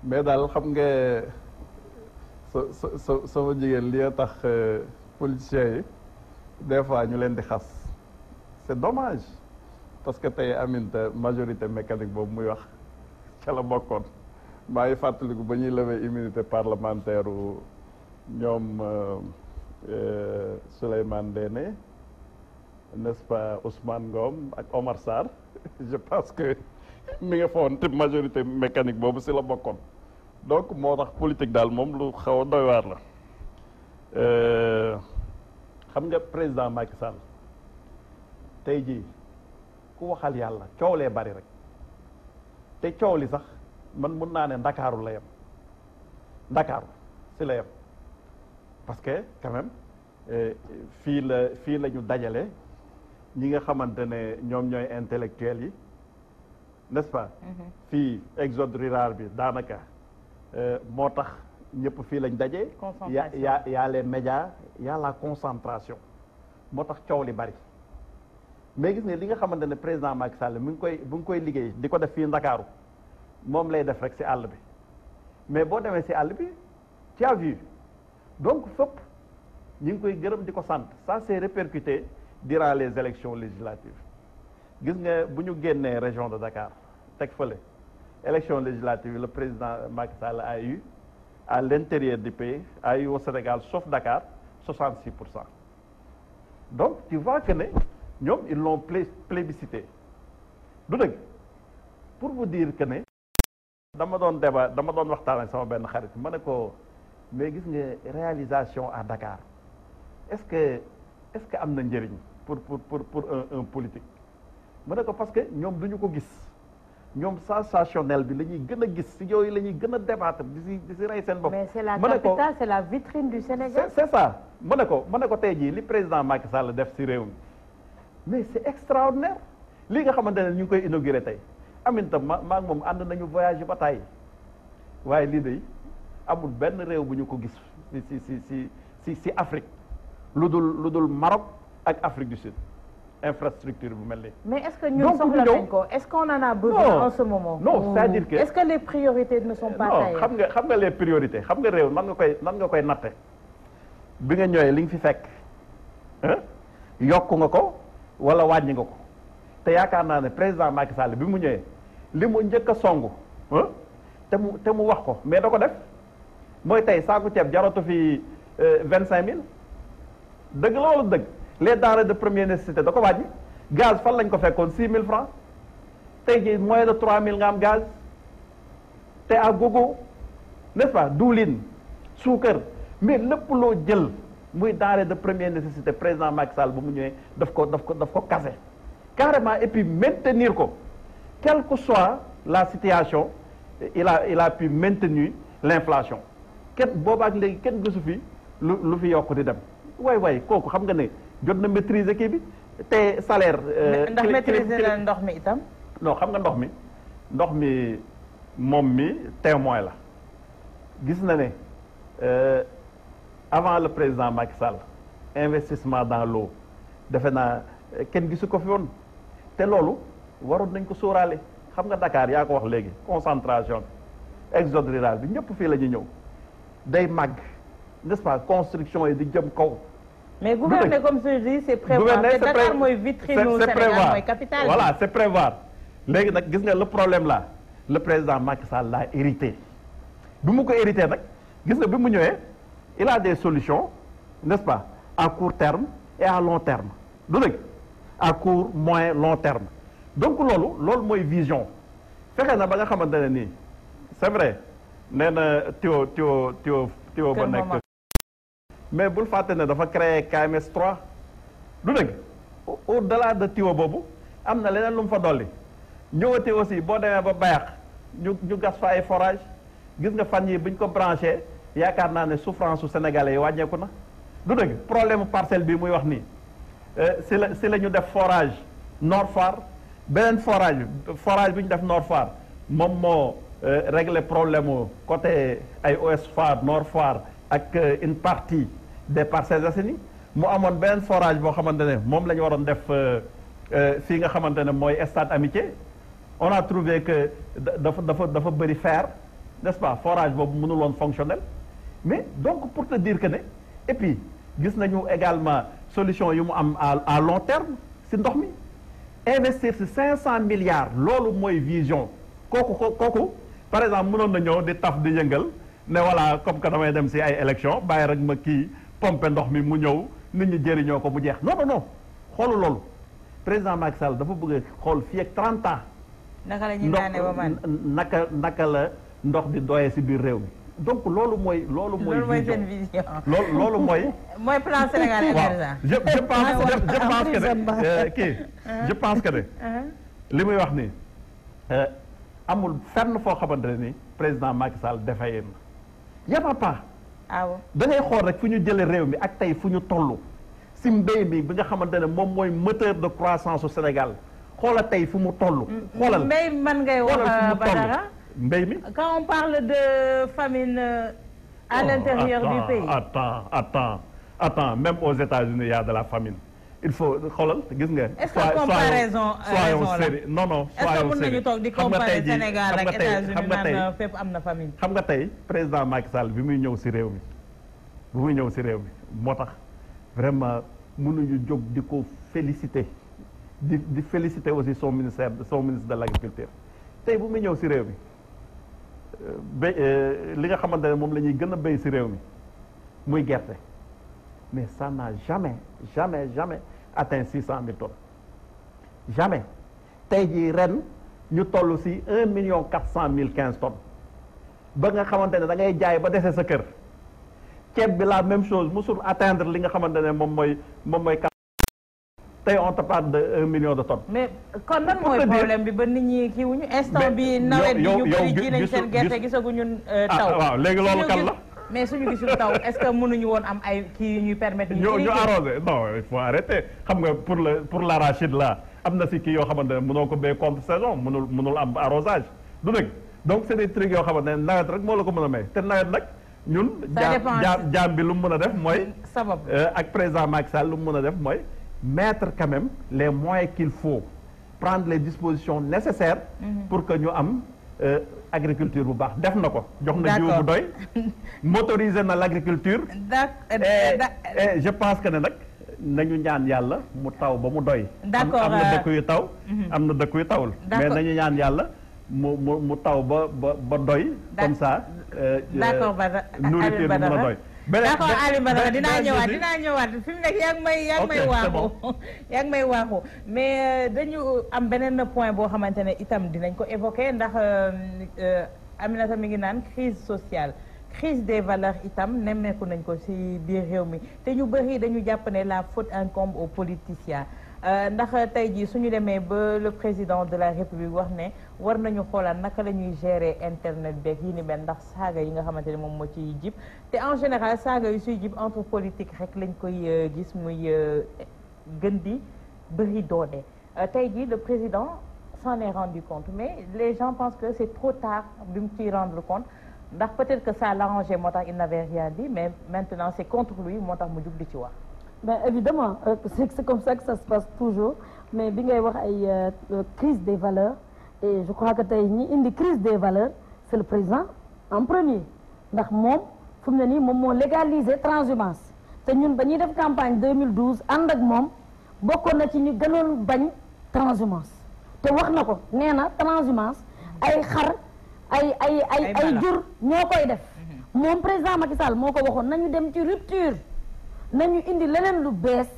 mais daal xam nga sa sa sa sama jigéen li tax euh, politiciens yi des fois ñu leen di xas c'est dommage parce que tey Aminta majorité mécanique boobu muy wax ca la bokkoon maa ngi fàttaliku ba ñuy lever immunité parlementaire u ñoom euh, euh, Souleymane Ndéné n'est-ce pas Ousmane Ngom ak Omar Sarr je pense que mi nga foon te majorité mécanique boobu si la bokkoon donc moo tax politique daal moom lu xaw a doy waar la euh, xam nga président Macky Sall tey jii ku waxal yàlla coow lee bari rek te coow li sax man mun naa ne ndakaaru la yem ndakaaru si la yem parce que quand euh, fii la fii lañu dajale ñi nga xamante ne ñoom ñooy intellectuels yi n'est-ce pas mm-hmm. fii exode rural bi daanaka euh, moo tax ñëpp fii lañ daje. ya ya ya les médias ya la concentration moo tax coow li bari. mais gis ne li nga xamante ne président Macky Sall mi ngi koy bu ngi koy liggéey di ko def fii Ndakaaru moom lay def rek si àll bi mais boo demee si àll bi tu as donc fépp ñu ngi koy gërëm di ko sant ça s'est répercuté durant les élections législatives gis nga bu ñu génnee région de Dakar teg fële élection législative le président Macky Sall a eu à l'intérieur de pays, a eu au Sénégal, sauf Dakar, 66%. Donc, tu vois que nous, ils l'ont plé plébiscité. Donc, pour vous dire que nous, dama doon débat dama doon waxtaan ak sama benn xarit ma ne ko mais gis nga réalisation à Dakar est-ce que est-ce que am na njëriñ pour pour pour pour un politique ma ne ko parce que ñoom duñu ko gis ñoom sensationnel bi la ñuy gën a gis si yooyu la ñuy gën a débattre di si di si rey seen bopp. mais c'est la capitale c'est la vitrine du Sénégal. c'est ça ma ne ko ma ne ko tey jii li président Macky Sall def si réew mi mais c'est extraordinaire li nga xamante ne ñu ngi koy inauguré tey aminta ma moom ànd nañu voyage ba tàyyi waaye lii de amul benn réew bu ñu ko gis si si si si si Afrique lu dul lu dul Maroc ak Afrique du Sud. infrastructure bu mel nii. mais est-ce que ñun soxla nañ ko est-ce qu'on en a besoin en ce moment. non c'est-à-dire que est-ce que les priorités ne sont pas taillées. non xam nga xam nga les priorités xam nga réew nan nga koy nan nga koy natte bi nga ñëwee li nga fi fekk yokk nga ko wala wàññi nga ko te yaakaar naa ne président Macky Sall bi mu ñëwee li mu njëkk a songu te mu te mu wax ko mais da ko def mooy tey saaku ceeb jaratu fi euh, vingt cinq mille dëgg la wala dëgg. les denrées de premier nécessité da ko wàññi gaz fan lañ ko fekkoon 6 000 francs tey jii moins de 3 000 nga am gaz te à gogo n'est-ce pas diwlin suukar mais lépp loo jël muy denrée de première nécessité président Macky Sall bu mu ñëwee daf ko daf ko daf ko kase carrément et puis maintenir ko quelle que soit la situation il a il a pu maintenir l'inflation kenn boobaak léegi kenn gisu fi lu lu fi yokk di dem waay waaye kooku xam nga ne jot na maîtriser kii bi te salaire. Euh, ndax maîtriser na ndox mi itam. non xam nga ndox mi ndox mi moom mi témoin la gis na ne euh, avant le président Macky Sall investissement dans l'eau defe naa euh, kenn gisu ko fi woon te loolu waroon nañ ko sóoraale xam nga dakaar yaa ko wax léegi concentration bi exode rural bi ñëpp fii la ñu ñëw day màgg nest pas construction yi di jëm kaw mais gouverner comme je dis c'est prévoir te Dakar mooy vitrine au Sénégal mooy capitale voilà c'est prévoir léegi nag gis nga le problème là le président Macky Sall l'a hérité bi mu ko hérité nag gis nga bi mu ñëwee il a des solutions n'est-ce pas à court terme et à long terme du dëgg à court moyen long terme donc loolu loolu mooy vision fexe na ba nga xamante ne nii c'est vrai nee na Thio Thio Thio Thio ba mais bul fàtte ne dafa créer KMS trois du dëgg au delà de tiwo boobu am na leneen lu mu fa dolli ñëwatee aussi boo demee ba bayax ñu ñu gas fa ay forage gis nga fan yi buñ ko branché yaakaar naa ne souffrance su sénégalais yi wàññeeku na du dëgg problème parcelle bi muy wax nii euh, si la si la ñu def forage Nord Foire beneen forage forage bi ñu def Nord Foire moom moo euh, régler problème côté ay OS Foire Nord Foire ak euh, une partie des Parcelles Assainies mu amoon beneen forage boo xamante ne moom la ñu waroon def sii euh, euh, nga xamante ne mooy stade amitié on a trouvé que dafa dafa dafa bëri fer n'est-ce pas forage boobu mënul woon fonctionnel mais donc pour te dire que ne et puis gis nañu également solution yi mu am à long terme si ndox mi investir si 500 milliards loolu mooy vision kooku ko kooku par exemple mënoon na ñëw di taf di yëngal ne voilà comme que damay dem si ay élection bàyyi rek ma kii. pompe ndox mi mu ñëw nit ñi jëriñoo ko mu jeex non non non xoolu loolu président Macky Sall dafa bëgg xool fii ak 30 ans. naka naka la ndox di doyee si biir réew mi. donc loolu mooy. loolu mooy loolu loolu mooy. mooy plan Sénégal émergent. je je pense je pense que euh, uh-huh. li muy wax nii euh, amul foo xamante ne président Macky Sall defayee y' waaw ah da xool rek fu ñu jëlee réew mi ak tey fu ñu tollu si mbéy mi bi nga xamante ne moom mooy moteur de croissance au Sénégal xoolal tey fu mu toll. Mm, xoolal mbéy mi man ngay wax euh, Badara mbéy mi. quand on parle de famine euh, à oh, l'intérieur du pays. attends attends attends même aux États-Unis y a de la famine. il faut xoolal gis nga. est-ce que comparaison raison euh, la non non. soyons sérieux xam nga tey jii xam nga tey xam nga tey fépp am na famille. xam nga tey président Macky Sall bi muy ñëw si réew mi bi muy ñëw si réew mi moo tax vraiment mënuñu jóg di ko féliciter di di féliciter aussi son ministère son ministre de l'agriculture tey bu muy ñëw si réew mi euh, ba euh, li nga xamante ne moom la ñuy gën a béy si réew mi muy gerte mais ça n'a jamais jamais jamais. atteint 600 000 tonnes jamais tey jii ren ñu toll si 1 million cent mille 15 tonnes ba nga xamante ne da jaay ba dese sa kër ceeb bi la même chose musul attendre li nga xamante ne moom mooy moom mooy. tey on de 1 million de tonnes. mais kon mooy problème bi ba nit ñi kii wuñu instant bi nawet bi ñu bëri ji nañ seen gerte gisaguñu euh, ah, taw. léegi loolu kan la. mais suñu gisul taw est-ce que mënuñu woon am ay kii yu ñuy permettre. ñu ñu arrosé non il faut arrêter xam nga pour la pour l'arachide là am na si kii yoo xamante ne mënoo ko béy contre saison mënul mënul am arrosage lu dëgg donc c'est des yoo xamante ne nawet rek moo la ko mën a may te nawet nag. ñun jaam jaam bi lu mu mën a def mooy. sabab euh, ak présent Macky Sall lu mu mën a def mooy mettre quand même les moyens qu'il faut prendre les dispositions nécessaires. Mm-hmm. pour que ñu am. Euh, agriculture bu baax def na ko. jox na jiw doy. motoriser na l' agriculture. Euh, euh, je pense que ne nag nañu ñaan yàlla mu taw ba mu doy. d' am na dëkk yu taw. Mhm. am na dëkk yu tawul. mais nañu ñaan yàlla mu mu taw ba ba doy. comme ça. d' accord nourriture bi doy. d'accord Aliou Badara dinaa ñëwaat dinaa ñëwaat fi mu nekk yaa may yaa ngi may waaxu yaa may waaxu mais dañu am beneen point boo xamante ne itam dinañ ko évoquer ndax euh, euh, Aminata mi ngi naan crise sociale crise des valeurs itam nemmeeku nañ ko ci biir réew mi te ñu bëri dañu jàpp ne la faute incombe aux politiciens Euh, ndax tey jii suñu demee ba le président de la république wax ne war nañu xoolaat naka la ñuy gérer internet beeg yi ni mel ndax saaga yi nga xamante ne moom moo ci jib te en général saaga yi suy jib entre politique rek lañ koy euh, gis muy euh, gën di bëri doole tey jii le président s'en est rendu compte mais les gens pensent que c'est trop tard bi mu ciy rendre compte ndax peut-être que ça l'arrangeait moo tax il n'avait rien dit mais maintenant c'est contre moo tax mu jug di ci wax ben évidemment euh, c'est comme ça que ça se passe toujours mais bi ngay wax ay euh, euh, crise des valeurs et je crois que tey ñi indi crise des valeurs c'est le président en premier ndax moom fu ne nii moom moo légaliser transhumance te ñun ba ñuy def campagne 2012 ànd ak moom bokkoon na ci ñu gënoon bañ transhumance te wax na ko nee na transhumance ay xar ay ay ay ay jur ñoo koy def mhm. moom président Macky Sall moo ko waxoon nañu dem ci rupture nañu indi leneen lu bees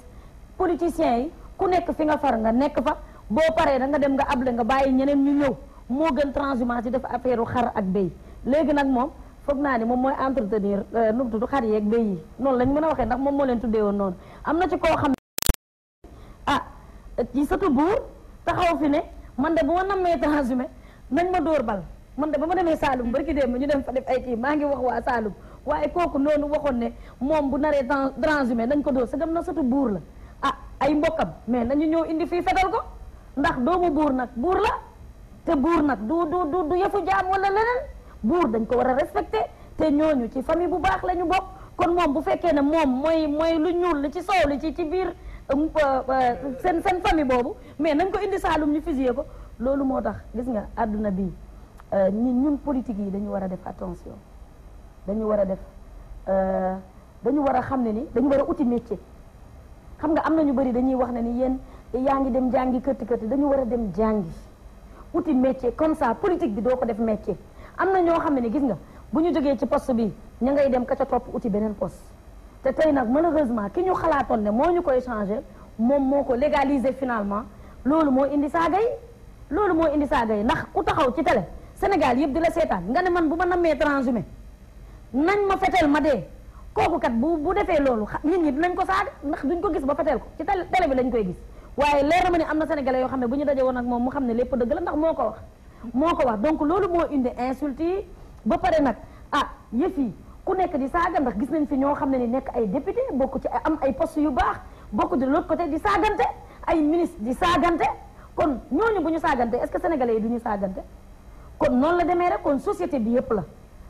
politiciens yi ku nekk fi nga far nga nekk fa boo paree da nga dem nga able nga bàyyi ñeneen ñu ñëw moo gën transhumance ci def affaire xar ak béy léegi nag moom foog naa ni moom mooy entretenir euh, nu mu tudd xar yeeg béy yi noonu lañ mën a waxee ndax moom moo leen tuddee woon noonu am na ci koo xam ah ci satu buur taxaw fi ne man de bu ma nammee transhumé nañ ma dóor bal man de ba ma demee Saalum barki démb ñu dem fa def ay kii maa ngi wax waa Saalum waaye kooku noonu waxoon ne moom bu naree transhumé nañ ko door sa dem na satu buur la ah ay mbokkam mais nañu ñëw indi fii fetal ko ndax doomu buur nag buur la te buur nag du du du du yëfu jaam wala leneen buur dañ ko war a respecté te ñooñu ci famille bu baax la ñu bokk kon moom bu fekkee ne moom mooy mooy lu ñuul li ci soow li ci ci biir um, euh, euh, seen seen famille boobu mais nañ ko indi saalum ñu fusillé ko loolu moo tax gis nga àdduna bi euh, ñun ñun politique yi dañu war a def attention dañu war a def euh, dañu war a xam ne ni dañu war a uti métier xam nga am na ñu bëri dañuy wax ne ni yéen yaa ngi dem jàngi kërti kërti dañu war a dem jàngi uti métier comme ça politique bi doo ko def métier am na ñoo xam ne ni gis nga bu ñu jógee ci poste bi ña ngay dem ka ca topp uti beneen poste te tey nag malheureusement ki ñu xalaatoon ne moo ñu koy changer moom moo ko légaliser finalement loolu moo indi saaga yi loolu moo indi saaga yi ndax ku taxaw ci télé Sénégal yëpp di la nga ne man bu ma nammee transhumé nañ ma fetel ma dee kooku kat bu bu defee loolu nit ñi nañ ko saaga ndax duñ ko gis ba fetel ko ci télé bi lañ koy gis waaye leer na ma ne am na sénégalais yoo xam ne bu ñu daje woon ak moom mu xam ne lépp dëgg la ndax moo ko wax moo ko wax donc loolu moo indi insulte yi ba pare nag ah yëf yi ku nekk di saaga ndax gis nañ fi ñoo xam ne ni nekk ay député bokk ci am ay post yu baax bokk de l'autre côté di saagante ay ministre di saagante kon ñooñu bu ñu saagante est que sénégalais yi du ñu saagante kon noonu la demee rek société bi yëpp la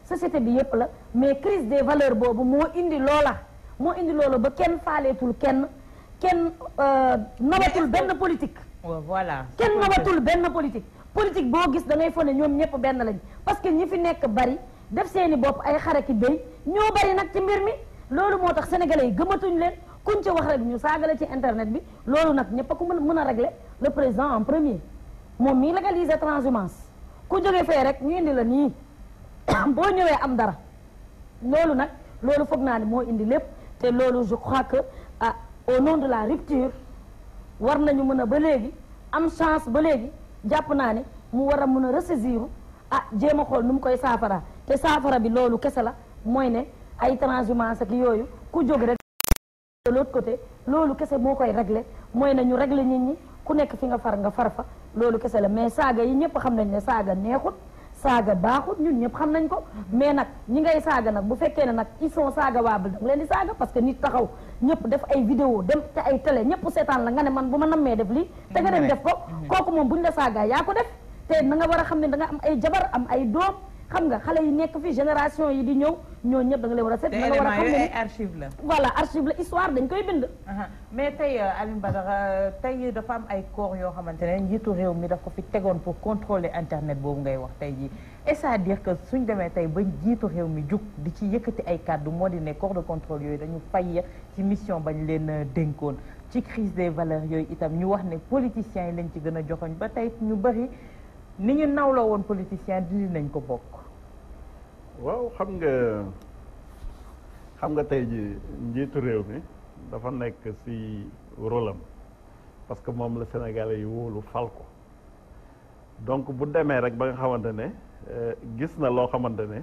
société bi yëpp la mais crise des valeurs boobu moo indi loola moo indi loola ba kenn faaleetul kenn kenn euh, nabatul benn politique voilà kenn nabatul benn politique politique boo gis da ngay ne ñoom ñëpp benn lañ parce que ñi fi nekk bari def seeni bopp ay xaraki béy ñoo bari nag ci mbir mi loolu moo tax sénégalais yi gëmatuñ leen kuñ ci wax rek ñu saagale ci internet bi loolu nag ñëpp a ko mën mën a régler le président en premier moom mii légalise transhumance ku jóge fee rek ñu indi la nii boo ñëwee am dara loolu nag loolu foog naa ne moo indi lépp te loolu je crois que ah au nom de la rupture war nañu mën a ba léegi am chance ba léegi jàpp naa ne mu war a mën a ressaisir ah jéem a xool nu mu koy saafara te saafara bi loolu kese la mooy ne ay transhumance ak yooyu ku jóg rek de côté loolu kese moo koy régler mooy ne ñu régler nit ñi ku nekk fi nga far nga far fa loolu kese la mais saaga yi ñëpp xam nañ ne saaga neexut saaga baaxut ñun ñëpp xam nañ ko mais nag ñi ngay saaga nag bu fekkee ne nag ils sont saaga waabal danga leen di saaga parce que nit taxaw ñëpp def ay vidéo dem te ay télé ñëpp seetaan la nga ne man bu ma namee def lii te nga dem def ko kooku moom buñ la saagaa yaa ko def te na nga war a xam ne danga am ay jabar am ay doom xam nga xale yi nekk fi génération yi di ñëw ñoo ñëpp da nga leen war a seet da nga war a xam ne archive la voilà archive la histoire dañ koy bind mais tey euh, Alioune Badara euh, tey dafa am ay corps yoo xamante ne njiitu réew mi daf ko fi tegoon pour contrôler internet boobu ngay wax tey jii et c'est-à-dire que suñ demee tey ba njiitu réew mi jug di ci yëkkati ay kàddu moo di ne corps de contrôle yooyu dañu fay ci mission bañ leen euh, dénkoon ci crise des yooyu itam ñu wax ne politiciens yi lañ ci gën a joxoñ ba tey ñu bëri ni ñu nawloo woon politicien dindi nañ ko bokk waaw xam nga xam nga tey ji njiitu réew mi dafa nekk ci rôle am parce que moom la Sénégalais yi wóolu fal ko donc bu demee rek ba nga xamante ne euh, gis na loo xamante ne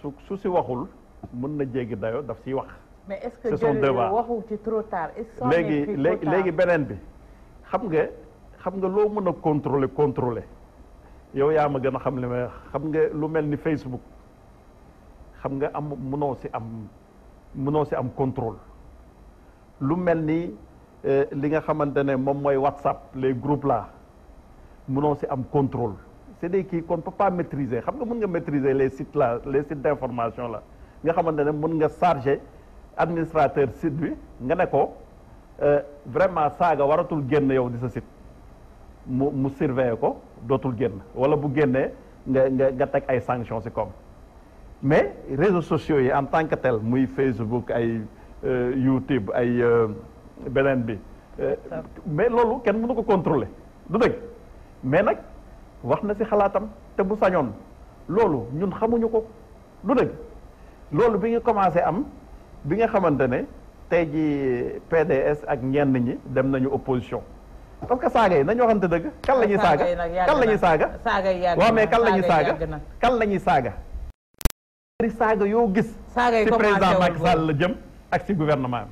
su su ci waxul mën na jéggi dayo daf ciy wax mais est-ce que waxu ci trop tard léegi léegi beneen bi xam nga xam nga loo mën a contrôler contrôler yow yaa ma gën a xam li may xam nga lu mel ni Facebook xam nga am mënoo si am mënoo si am contrôle lu mel ni euh, li nga xamante ne moom mooy WhatsApp les groupes là mënoo si am control c'est des kii qu'on peut pas xam nga mun nga maitriser les sites la les sites d'information la nga xamante ne mën nga charger administrateur site bi nga ne ko euh, vraiment saaga waratul génn yow di sa site mu mu surveiller ko dootul génn wala bu génnee nga nga nga teg ay sanctions ci koom mais réseaux sociaux yi en tant que tel muy Facebook ay euh, YouTube ay euh, beneen bi. Euh, mais loolu kenn mënu ko contrôler du dëgg mais nag wax na ci xalaatam te bu sañoon loolu ñun xamuñu ko du dëgg loolu bi nga commencé am bi nga xamante ne tey ji PDS ak ñenn ñi dem nañu opposition. parce que saaga yi nañu waxante dëgg. kan la ñuy saaga kan la ñuy saaga. saaga yi yàgg na waaw mais kan la ñuy saaga kan la ñuy saaga. saaga yoo gis. saaga yi ci président Macky la jëm ak ci gouvernement bi.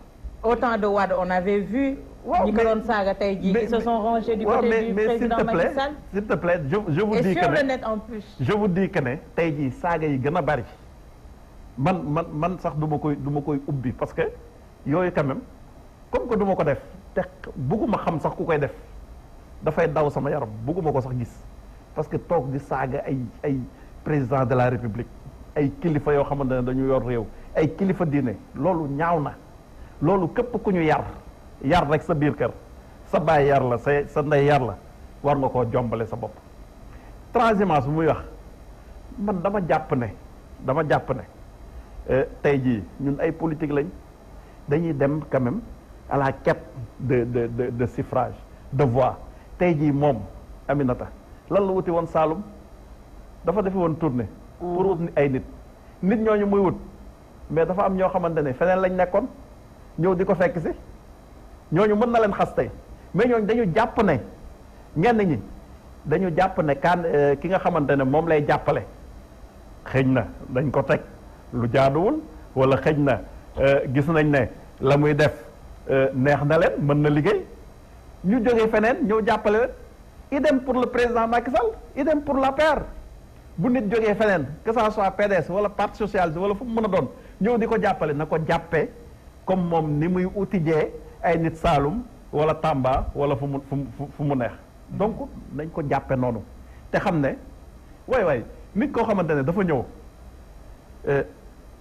au temps de Wade on avait vu. waaw saaga tey jii ils se sont président Macky Sall s'il te plaît s'il te plaît je je vous dis que ne et en plus. je vous dis tey jii saaga yi gën a bari man man sax du ma koy du ma koy ubbi parce que yooyu quand kom comme que du ma ko def. te bugguma xam sax ku koy def dafay daw sama yaram bugguma ko sax gis parce que toog di saaga ay ay président de la république ay kilifa yoo xamante ne dañu yor réew ay kilifa diine loolu ñaaw na loolu képp ku ñu yar yar rek sa biir kër sa baay yar la sa sa ndey yar la war nga koo jombale sa bopp transhumance su muy wax man dama jàpp ne dama jàpp ne euh, tey jii ñun ay politique lañ dañuy dem quand à la de de de sifrage de voix tey jii moom Aminata lan la wuti woon Saalum dafa defe woon tournée. pour mm. wut ay nit. nit ñooñu muy wut mais dafa am ñoo xamante ne feneen lañ nekkoon ñëw di ko fekk si ñooñu mën na leen xas tey mais ñooñu dañu jàpp ne ñenn ñi dañu jàpp ne kaan euh, ki nga xamante ne moom lay jàppale xëj na dañ ko teg lu jaaduwul wala xëj na euh, gis nañ ne la muy def. Euh, neex na leen mën na liggéey ñu jóge feneen ñëw jàppale leen dem pour le président Macky Sall dem pour la PR bu nit jógee feneen que ça soit PDS wala parti socialiste wala fu mu mën a doon ñëw di ko jàppale na ko jàppee comme moom ni muy jee ay nit Saalum wala Tamba wala fu mu fu mu neex donc nañ ko jàppe noonu te xam ne waay waay nit koo xamante ne dafa ñëw euh,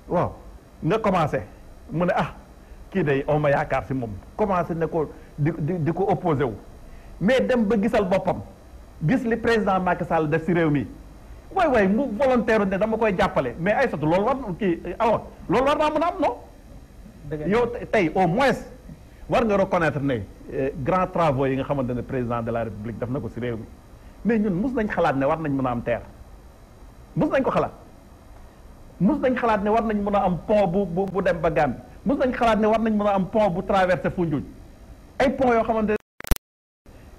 waaw nga commencé mu ne ah kii day on ma yaakaar si moom commencé ne ko di di ko opposé wu mais dem ba gisal boppam gis li président Macky Sall def si réew mi waay waay mu volontaire ne dama koy jàppale mais ay sotu loolu war kii awoon loolu war naa mën a am non yow tey au moins war nga reconnaître ne eh, grand travaux yi nga xamante ne président de la république def na ko si réew mi mais ñun mus nañ xalaat ne war nañ mën a am teer mus nañ ko xalaat mus nañ xalaat ne war nañ mën a am pont bu bu dem ba Gambie mos nañ xalaat ne war nañ mën a am pont bu traversé Foundiougne ay pont yoo xamante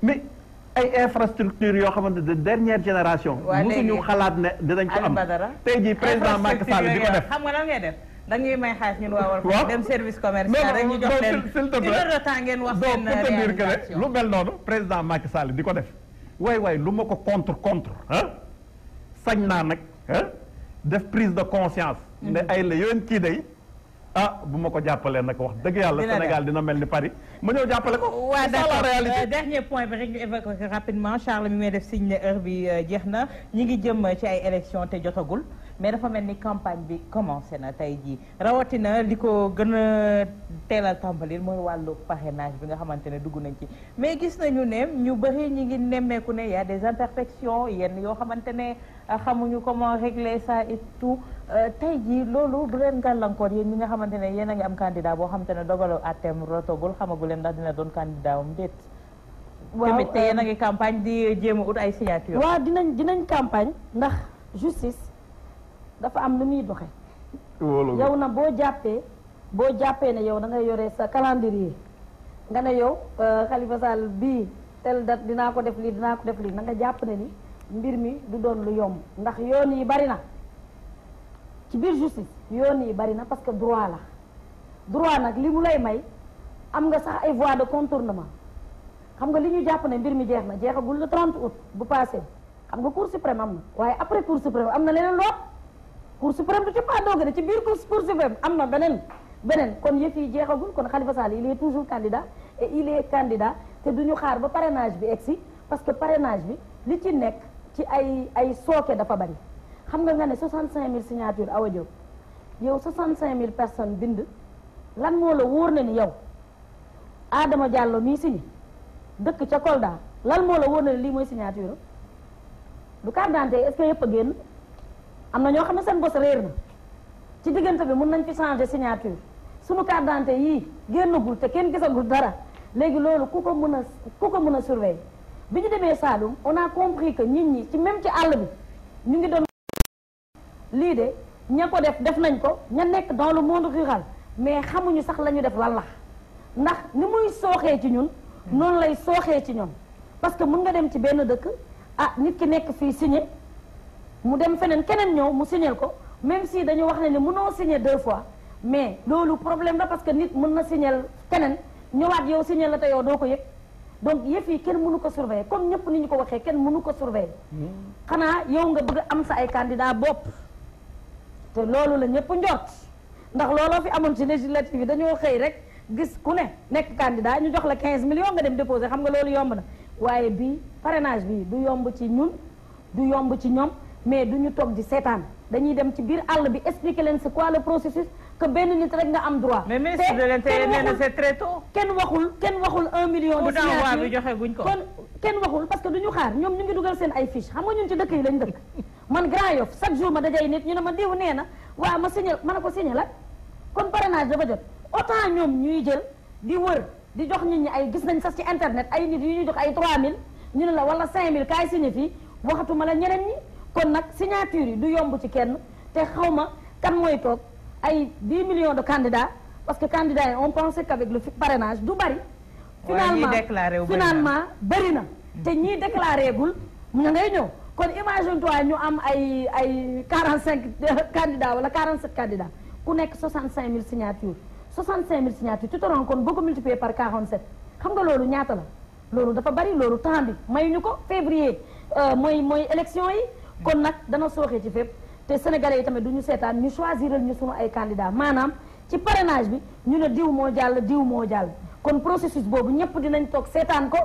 mais ay infrastructure yoo xamante de dernière génération mosuñu xalaat ne dinañ ko am tey jii président Macky Sall di ko def xam nga lan ngay def dañuy may xaalis ñun waa Walf dem service commercial rek ñu jox leen une de temps ngeen wax lu mel noonu président Macky Sall di ko def waaye waay lu ma ko contre contre ah sañ naa nag ah def prise de conscience mm-hmm. ne ay la yoon kii day ah bu ma ko jàppalee nag wax dëgg yàlla Sénégal dina mel ni Paris ma ñëw jàppale ko waaw d'accord euh, dernier point bi rek ñu évoqué rapidement Charles mi may def signe ne heure bi euh, jeex na ñi ngi jëm ci ay élection te jotagul mais dafa mel ni campagne bi commencé na tey jii rawatina li ko gën a teelal tàmbali mooy wàllu parrainage bi nga xamante ne dugg nañ ci mais gis nañu ne ñu bëri ñu ngi nemmeeku ne y des imperfections yenn yoo xamante ne euh, Euh, tey jii loolu du leen gàllankoor yéen ñi nga xamante ne yéen a ngi am candidat boo xamante ne dogaloo àtteem rotogul xamagu leen ndax dina doon candidat am déet. waaw tamit te euh, yéen a ngi campagne di jéem ut ay signature. waaw dinañ dinañ campagne ndax justice dafa am lu muy doxe yow na boo jàppee boo jàppee ne yow dangay ngay yore sa calendrier nga ne yow euh, Khalifa Sall bii tel date dinaa ko def lii dinaa ko def lii na nga jàpp ne ni mbir mi du doon lu yomb ndax yoon yi bari na. ci biir justice yoon yi bari na parce que droit la droit nag li mu lay may am nga sax ay voies de contournement xam nga li ñu jàpp ne mbir mi jeex na jeexagul le 30 août bu passé xam nga cour suprême am na waaye après cour suprême am na leneen lool cour suprême du ci pas doog de ci biir cour suprême am na beneen beneen kon yëf yi jeexagul kon Khalifa Sall il est toujours candidat et il est candidat te du ñu xaar ba parrainage bi egsi parce que parrainage bi li ci nekk ci ay ay sooke dafa bari xam nga nga ne 65000 signature Awa Diop yow mille personne bind lan moo la wóor na ni yow Adama Diallo mii signé dëkk ca Kolda lan moo la wóor na ni lii mooy signature du carte d'identité est-ce que a génn am na ñoo xam ne seen bos réer na ci diggante bi mun nañ fi changer signature sunu carte d'identité yii génnagul te kenn gisagul dara léegi loolu ku ko mën a ku ko mën a surveiller bi ñu demee Saloum on compris que nit ñi ci même ci àll bi lii de ña ko def def nañ ko ña nekk dans le monde rural mais xamuñu sax la def lan la ndax ni muy sooxee ci ñun noonu lay sooxee ci ñoom parce que mun nga dem ci benn dëkk ah nit ki nekk fii signé mu dem feneen keneen ñëw mu signé ko même si dañu wax ne ni mënoo signé deux fois mais loolu problème la parce que nit mën na signé keneen ñëwaat yow signé la te yow doo ko yëg donc yëf yi kenn mënu ko surveiller comme ñëpp ni ñu ko waxee kenn mënu ko surveiller hmm. xanaa yow nga bëgg am sa ay candidat bopp te loolu la ñëpp njort ndax looloo fi amoon ci législative yi dañoo xëy rek gis ku ne nekk candidat ñu jox la 15 millions nga dem déposé xam nga loolu yomb na waaye bi parrainage bi du yomb ci ñun du yomb ci ñoom mais du ñu toog di seetaan dañuy dem ci biir àll bi expliquer leen c'est quoi le processus que benn nit rek nga am droit. mais ministre de l'intérieur nee na c'est très tôt. kenn waxul kenn waxul un million. de signatures ko kenn waxul parce que du xaar ñoom ñu ngi dugal seen ay fiche xam nga ñun ci dëkk yi lañ dëkk. man Grand Yoff chaque jour ma dajay nit ñu ne ma diw nee na waaw ma signé ma ne ko signé la kon parrainage dafa jot autant ñoom ñuy jël di wër di jox nit ñi ay gis nañ sax ci internet ay nit yu ñuy jox ay mille ñu ne la wala 5000 kaay signé fii waxatuma la ñeneen ñi kon nag signature yi du yomb ci kenn te xaw ma kan mooy toog ay 10 millions de candidats parce que candidats yi on pensait qu'avec le parrainage du bari finalement finalement bari na mm-hmm. te ñii déclaré gul ña ngay ñëw kon imagine toi ñu am ay ay quarante cinq candidats wala quarante sept candidats ku nekk soixante cinq mille signatures soixante cinq mille signatures tu te rends compte boo ko multiplier par quarante sept xam nga loolu ñaata la loolu dafa bari loolu temps bi ñu ko février euh, mooy mooy élection yi kon nag dana sooxee ci fépp te sénégalais yi tamit du ñu seetaan ñu choisiral ñu suma ay candidats maanaam ci parrainage bi ñu ne diw moo jàll diw moo jàll kon processus boobu ñëpp dinañ toog seetaan ko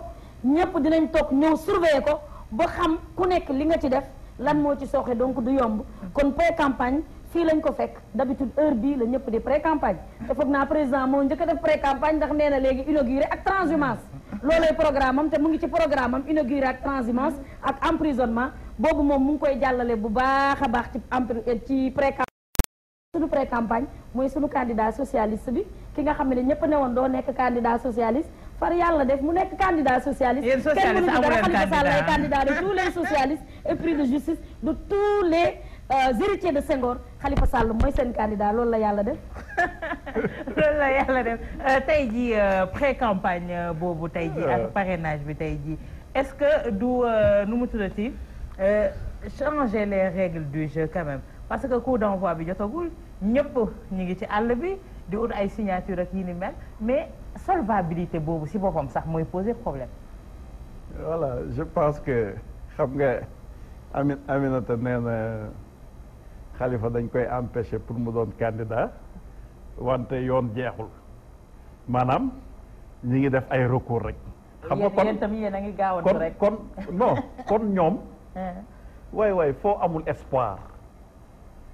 ñëpp dinañ toog ñëw surveiller ko ba xam ku nekk li nga ci def lan moo ci sooxe donc du yomb kon pré campagne fii lañ ko fekk d'habitude heure bii la ñëpp di pré campagne te foog naa président moo njëkk def pré campagne ndax nee na léegi inauguré ak transhumance loolooy programme am te mu ngi ci programme am inauguré ak transhumance ak emprisonnement boobu moom mu ngi koy jàllale bu baax a baax ci ci pré campagne suñu pré campagne mooy suñu candidat socialiste bi ki nga xam ne ñëpp ne woon doo nekk candidat socialiste par yàlla def mu nekk candidat socialiste. yéen socialiste amu leen candidat kenn mënu ci dara Khalifa Sall lay candidat ah. de tous les socialistes et pris de justice de tous les euh, de Senghor Khalifa Sall mooy seen candidat lool la yàlla def. loolu la yàlla def euh, tey jii euh, pré campagne boobu tey jii ak parrainage bi tey jii est-ce que du nu mu tuddati changer les règles du jeu quand parce que coup d'envoi bi jotagul ñëpp ñu ngi ci àll bi di ut ay signature ak yi ni mel mais. solvabilité boobu si boppam sax mooy poser problème. voilà je pense que xam nga Amin Aminata nee na Khalifa dañ koy empêcher pour mu doon candidat wante yoon jeexul maanaam ñi ngi def ay recours rek. xam nga kon yéen tamit yéen a ngi kon non ñoom. Eh. way waay foo amul espoir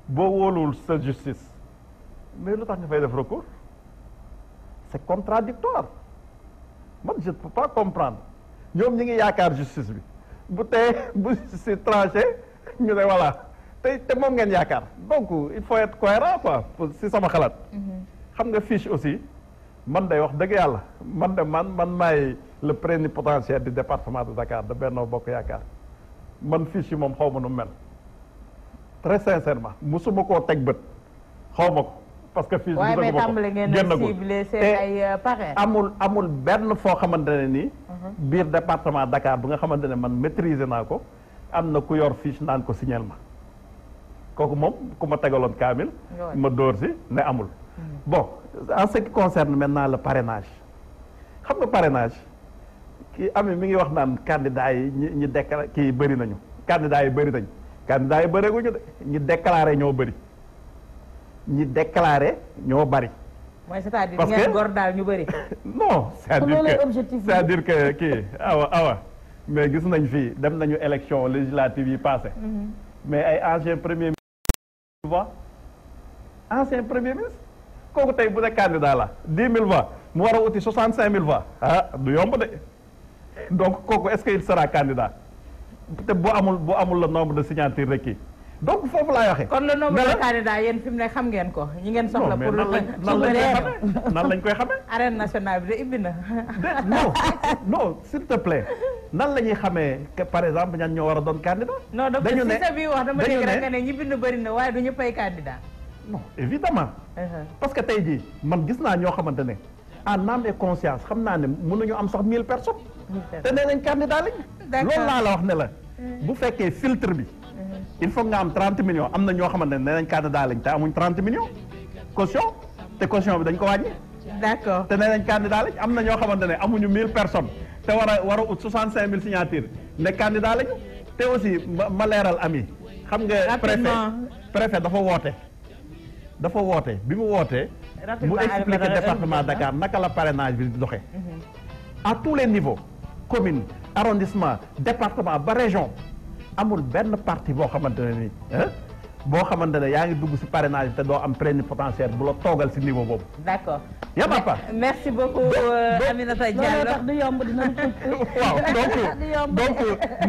boo wóoluwul sa justice mais lu tax nga fay def recours. c'est contradictoire man je ne peux pas comprendre ñoom ñu ngi yaakaar justice bi bu te bu justice tranché ñu ne voilà te te moom ngeen yaakaar donc il faut être cohérent quoi si sama xalaat mm-hmm. xam nga fiche aussi man day wax dëgg yàlla man de man man maay le plénipotentiaire du département de Dakar de Benno Bokk Yaakaar man fiche yi moom xaw ma nu mel très sincèrement musuma koo teg bët xaw ma ko parce que fils bi gis nga ay te euh, amul amul benn foo xamante ne nii. Mhm. biir département Dakar bu nga xamante ne man maîtriser naa ko am na ku yor fiche naan ko signal ma kooku moom ku ma tegaloon kaamil. ma dóor si ne amul. Mhm. bon en ce qui concerne maintenant la parrainage xam nga parrainage kii ami mi ngi wax naan candidat yi ñi ñi déclaré kii bëri nañu candidat yi bëri nañu candidat yi bëreeguñu de ñi déclaré ñoo bëri. ñi déclaré ñoo bari. mooy c'est-à-dire ngeen gor daal ñu bari. non c'est-à-dire que cest kii awa awa mais gis nañ fi dem nañu élection législative yi passé mhm. mais ay ancien premier ministre voix ancien premier ministre kooku tey bu dee candidat la dix mille voix mu war a uti soixante cinq mille voix ah du yomb de donc kooku est-ce que il sera candidat te bu amul bu amul la nombre de signatures requis donc foofu laay waxee. kon le nombre de candidats yéen fi mu ne xam ngeen ko ñi ngeen soxla. pour lu ko nan lañ koy xamee. arène nationale bi de ibbi na. non non s'il te plaît nan la ñuy xamee que par exemple ñan ñoo war a doon candidat. dañu ne non bi wax dama dégg rek nga ne ñi bind bëri na waaye du ñu pay candidat. non uh-huh. parce que tey jii man gis naa ñoo xamante ne en âme et xam naa ne mënuñu am sax mille personnes. te nee nañ candidat lañ. loolu laa la wax ne la. Uh-huh. bu fekkee filtre bi. il faut nga am 30 millions am na ñoo xamante ne nañ candidat lañ te amuñ 30 millions caution te caution bi dañ ko wàññi. te nee nañ candidat lañ am na ñoo xamante ne amuñu mille personnes te war a war a ut 65000 signatures ne candidat lañu te aussi ma leeral ami xam nga préfet dafa woote dafa woote bi mu wootee mu expliqué département Dakar naka la parrainage bi di doxee mhm. à tous les niveaux commune arrondissement département ba amul benn parti boo xamante ne nii boo xamante ne yaa ngi dugg si parrainage te doo am plénipotentiaire bu la toogal si niveau boobu. d'accord ya papa. merci beaucoup euh, Aminata Diallo tax du yomb dina waaw donc donc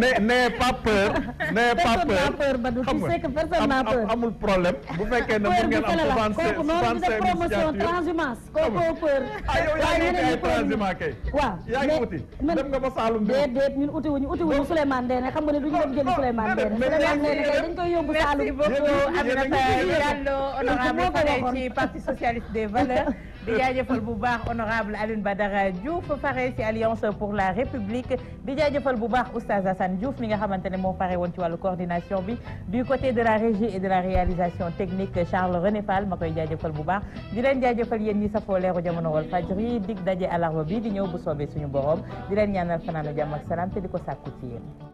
mais mais pas peur. mais pas peur xam nga amul problème. bu fekkee ne mën ngeen am. kooku noonu gisee promotion transhumance. kooku peur. ah yow yaa ngi uti ay transhumance kay. waaw yaa ngi uti. dem nga ba Saalum bi déedéet ñun uti wuñu uti wuñu Souleymane Ndéné xam nga ne duñu dem jëli Souleymane Ndéné Souleymane Ndéné dañ koy yóbbu Saalum Diallo Aminata Diallo honorable faree ci parti socialiste des valeurs di jaajëfal bu baax honorable Alioune Badara Diouf faree ci alliance pour la république di jaajëfal bu baax oustaz Assane Diouf mi nga xamante ne moo faree woon ci wàllu coordination bi du côté de la régie et de la réalisation technique Charles René Fall ma koy jaajëfal bu baax di leen jaajëfal yéen ñi safoo leeru jamono wal fajri dig daje alarba bi di ñëw bu soobee suñu borom di leen ñaanal fanaanu jàmm ak salaam te di ko sàkku ci yéen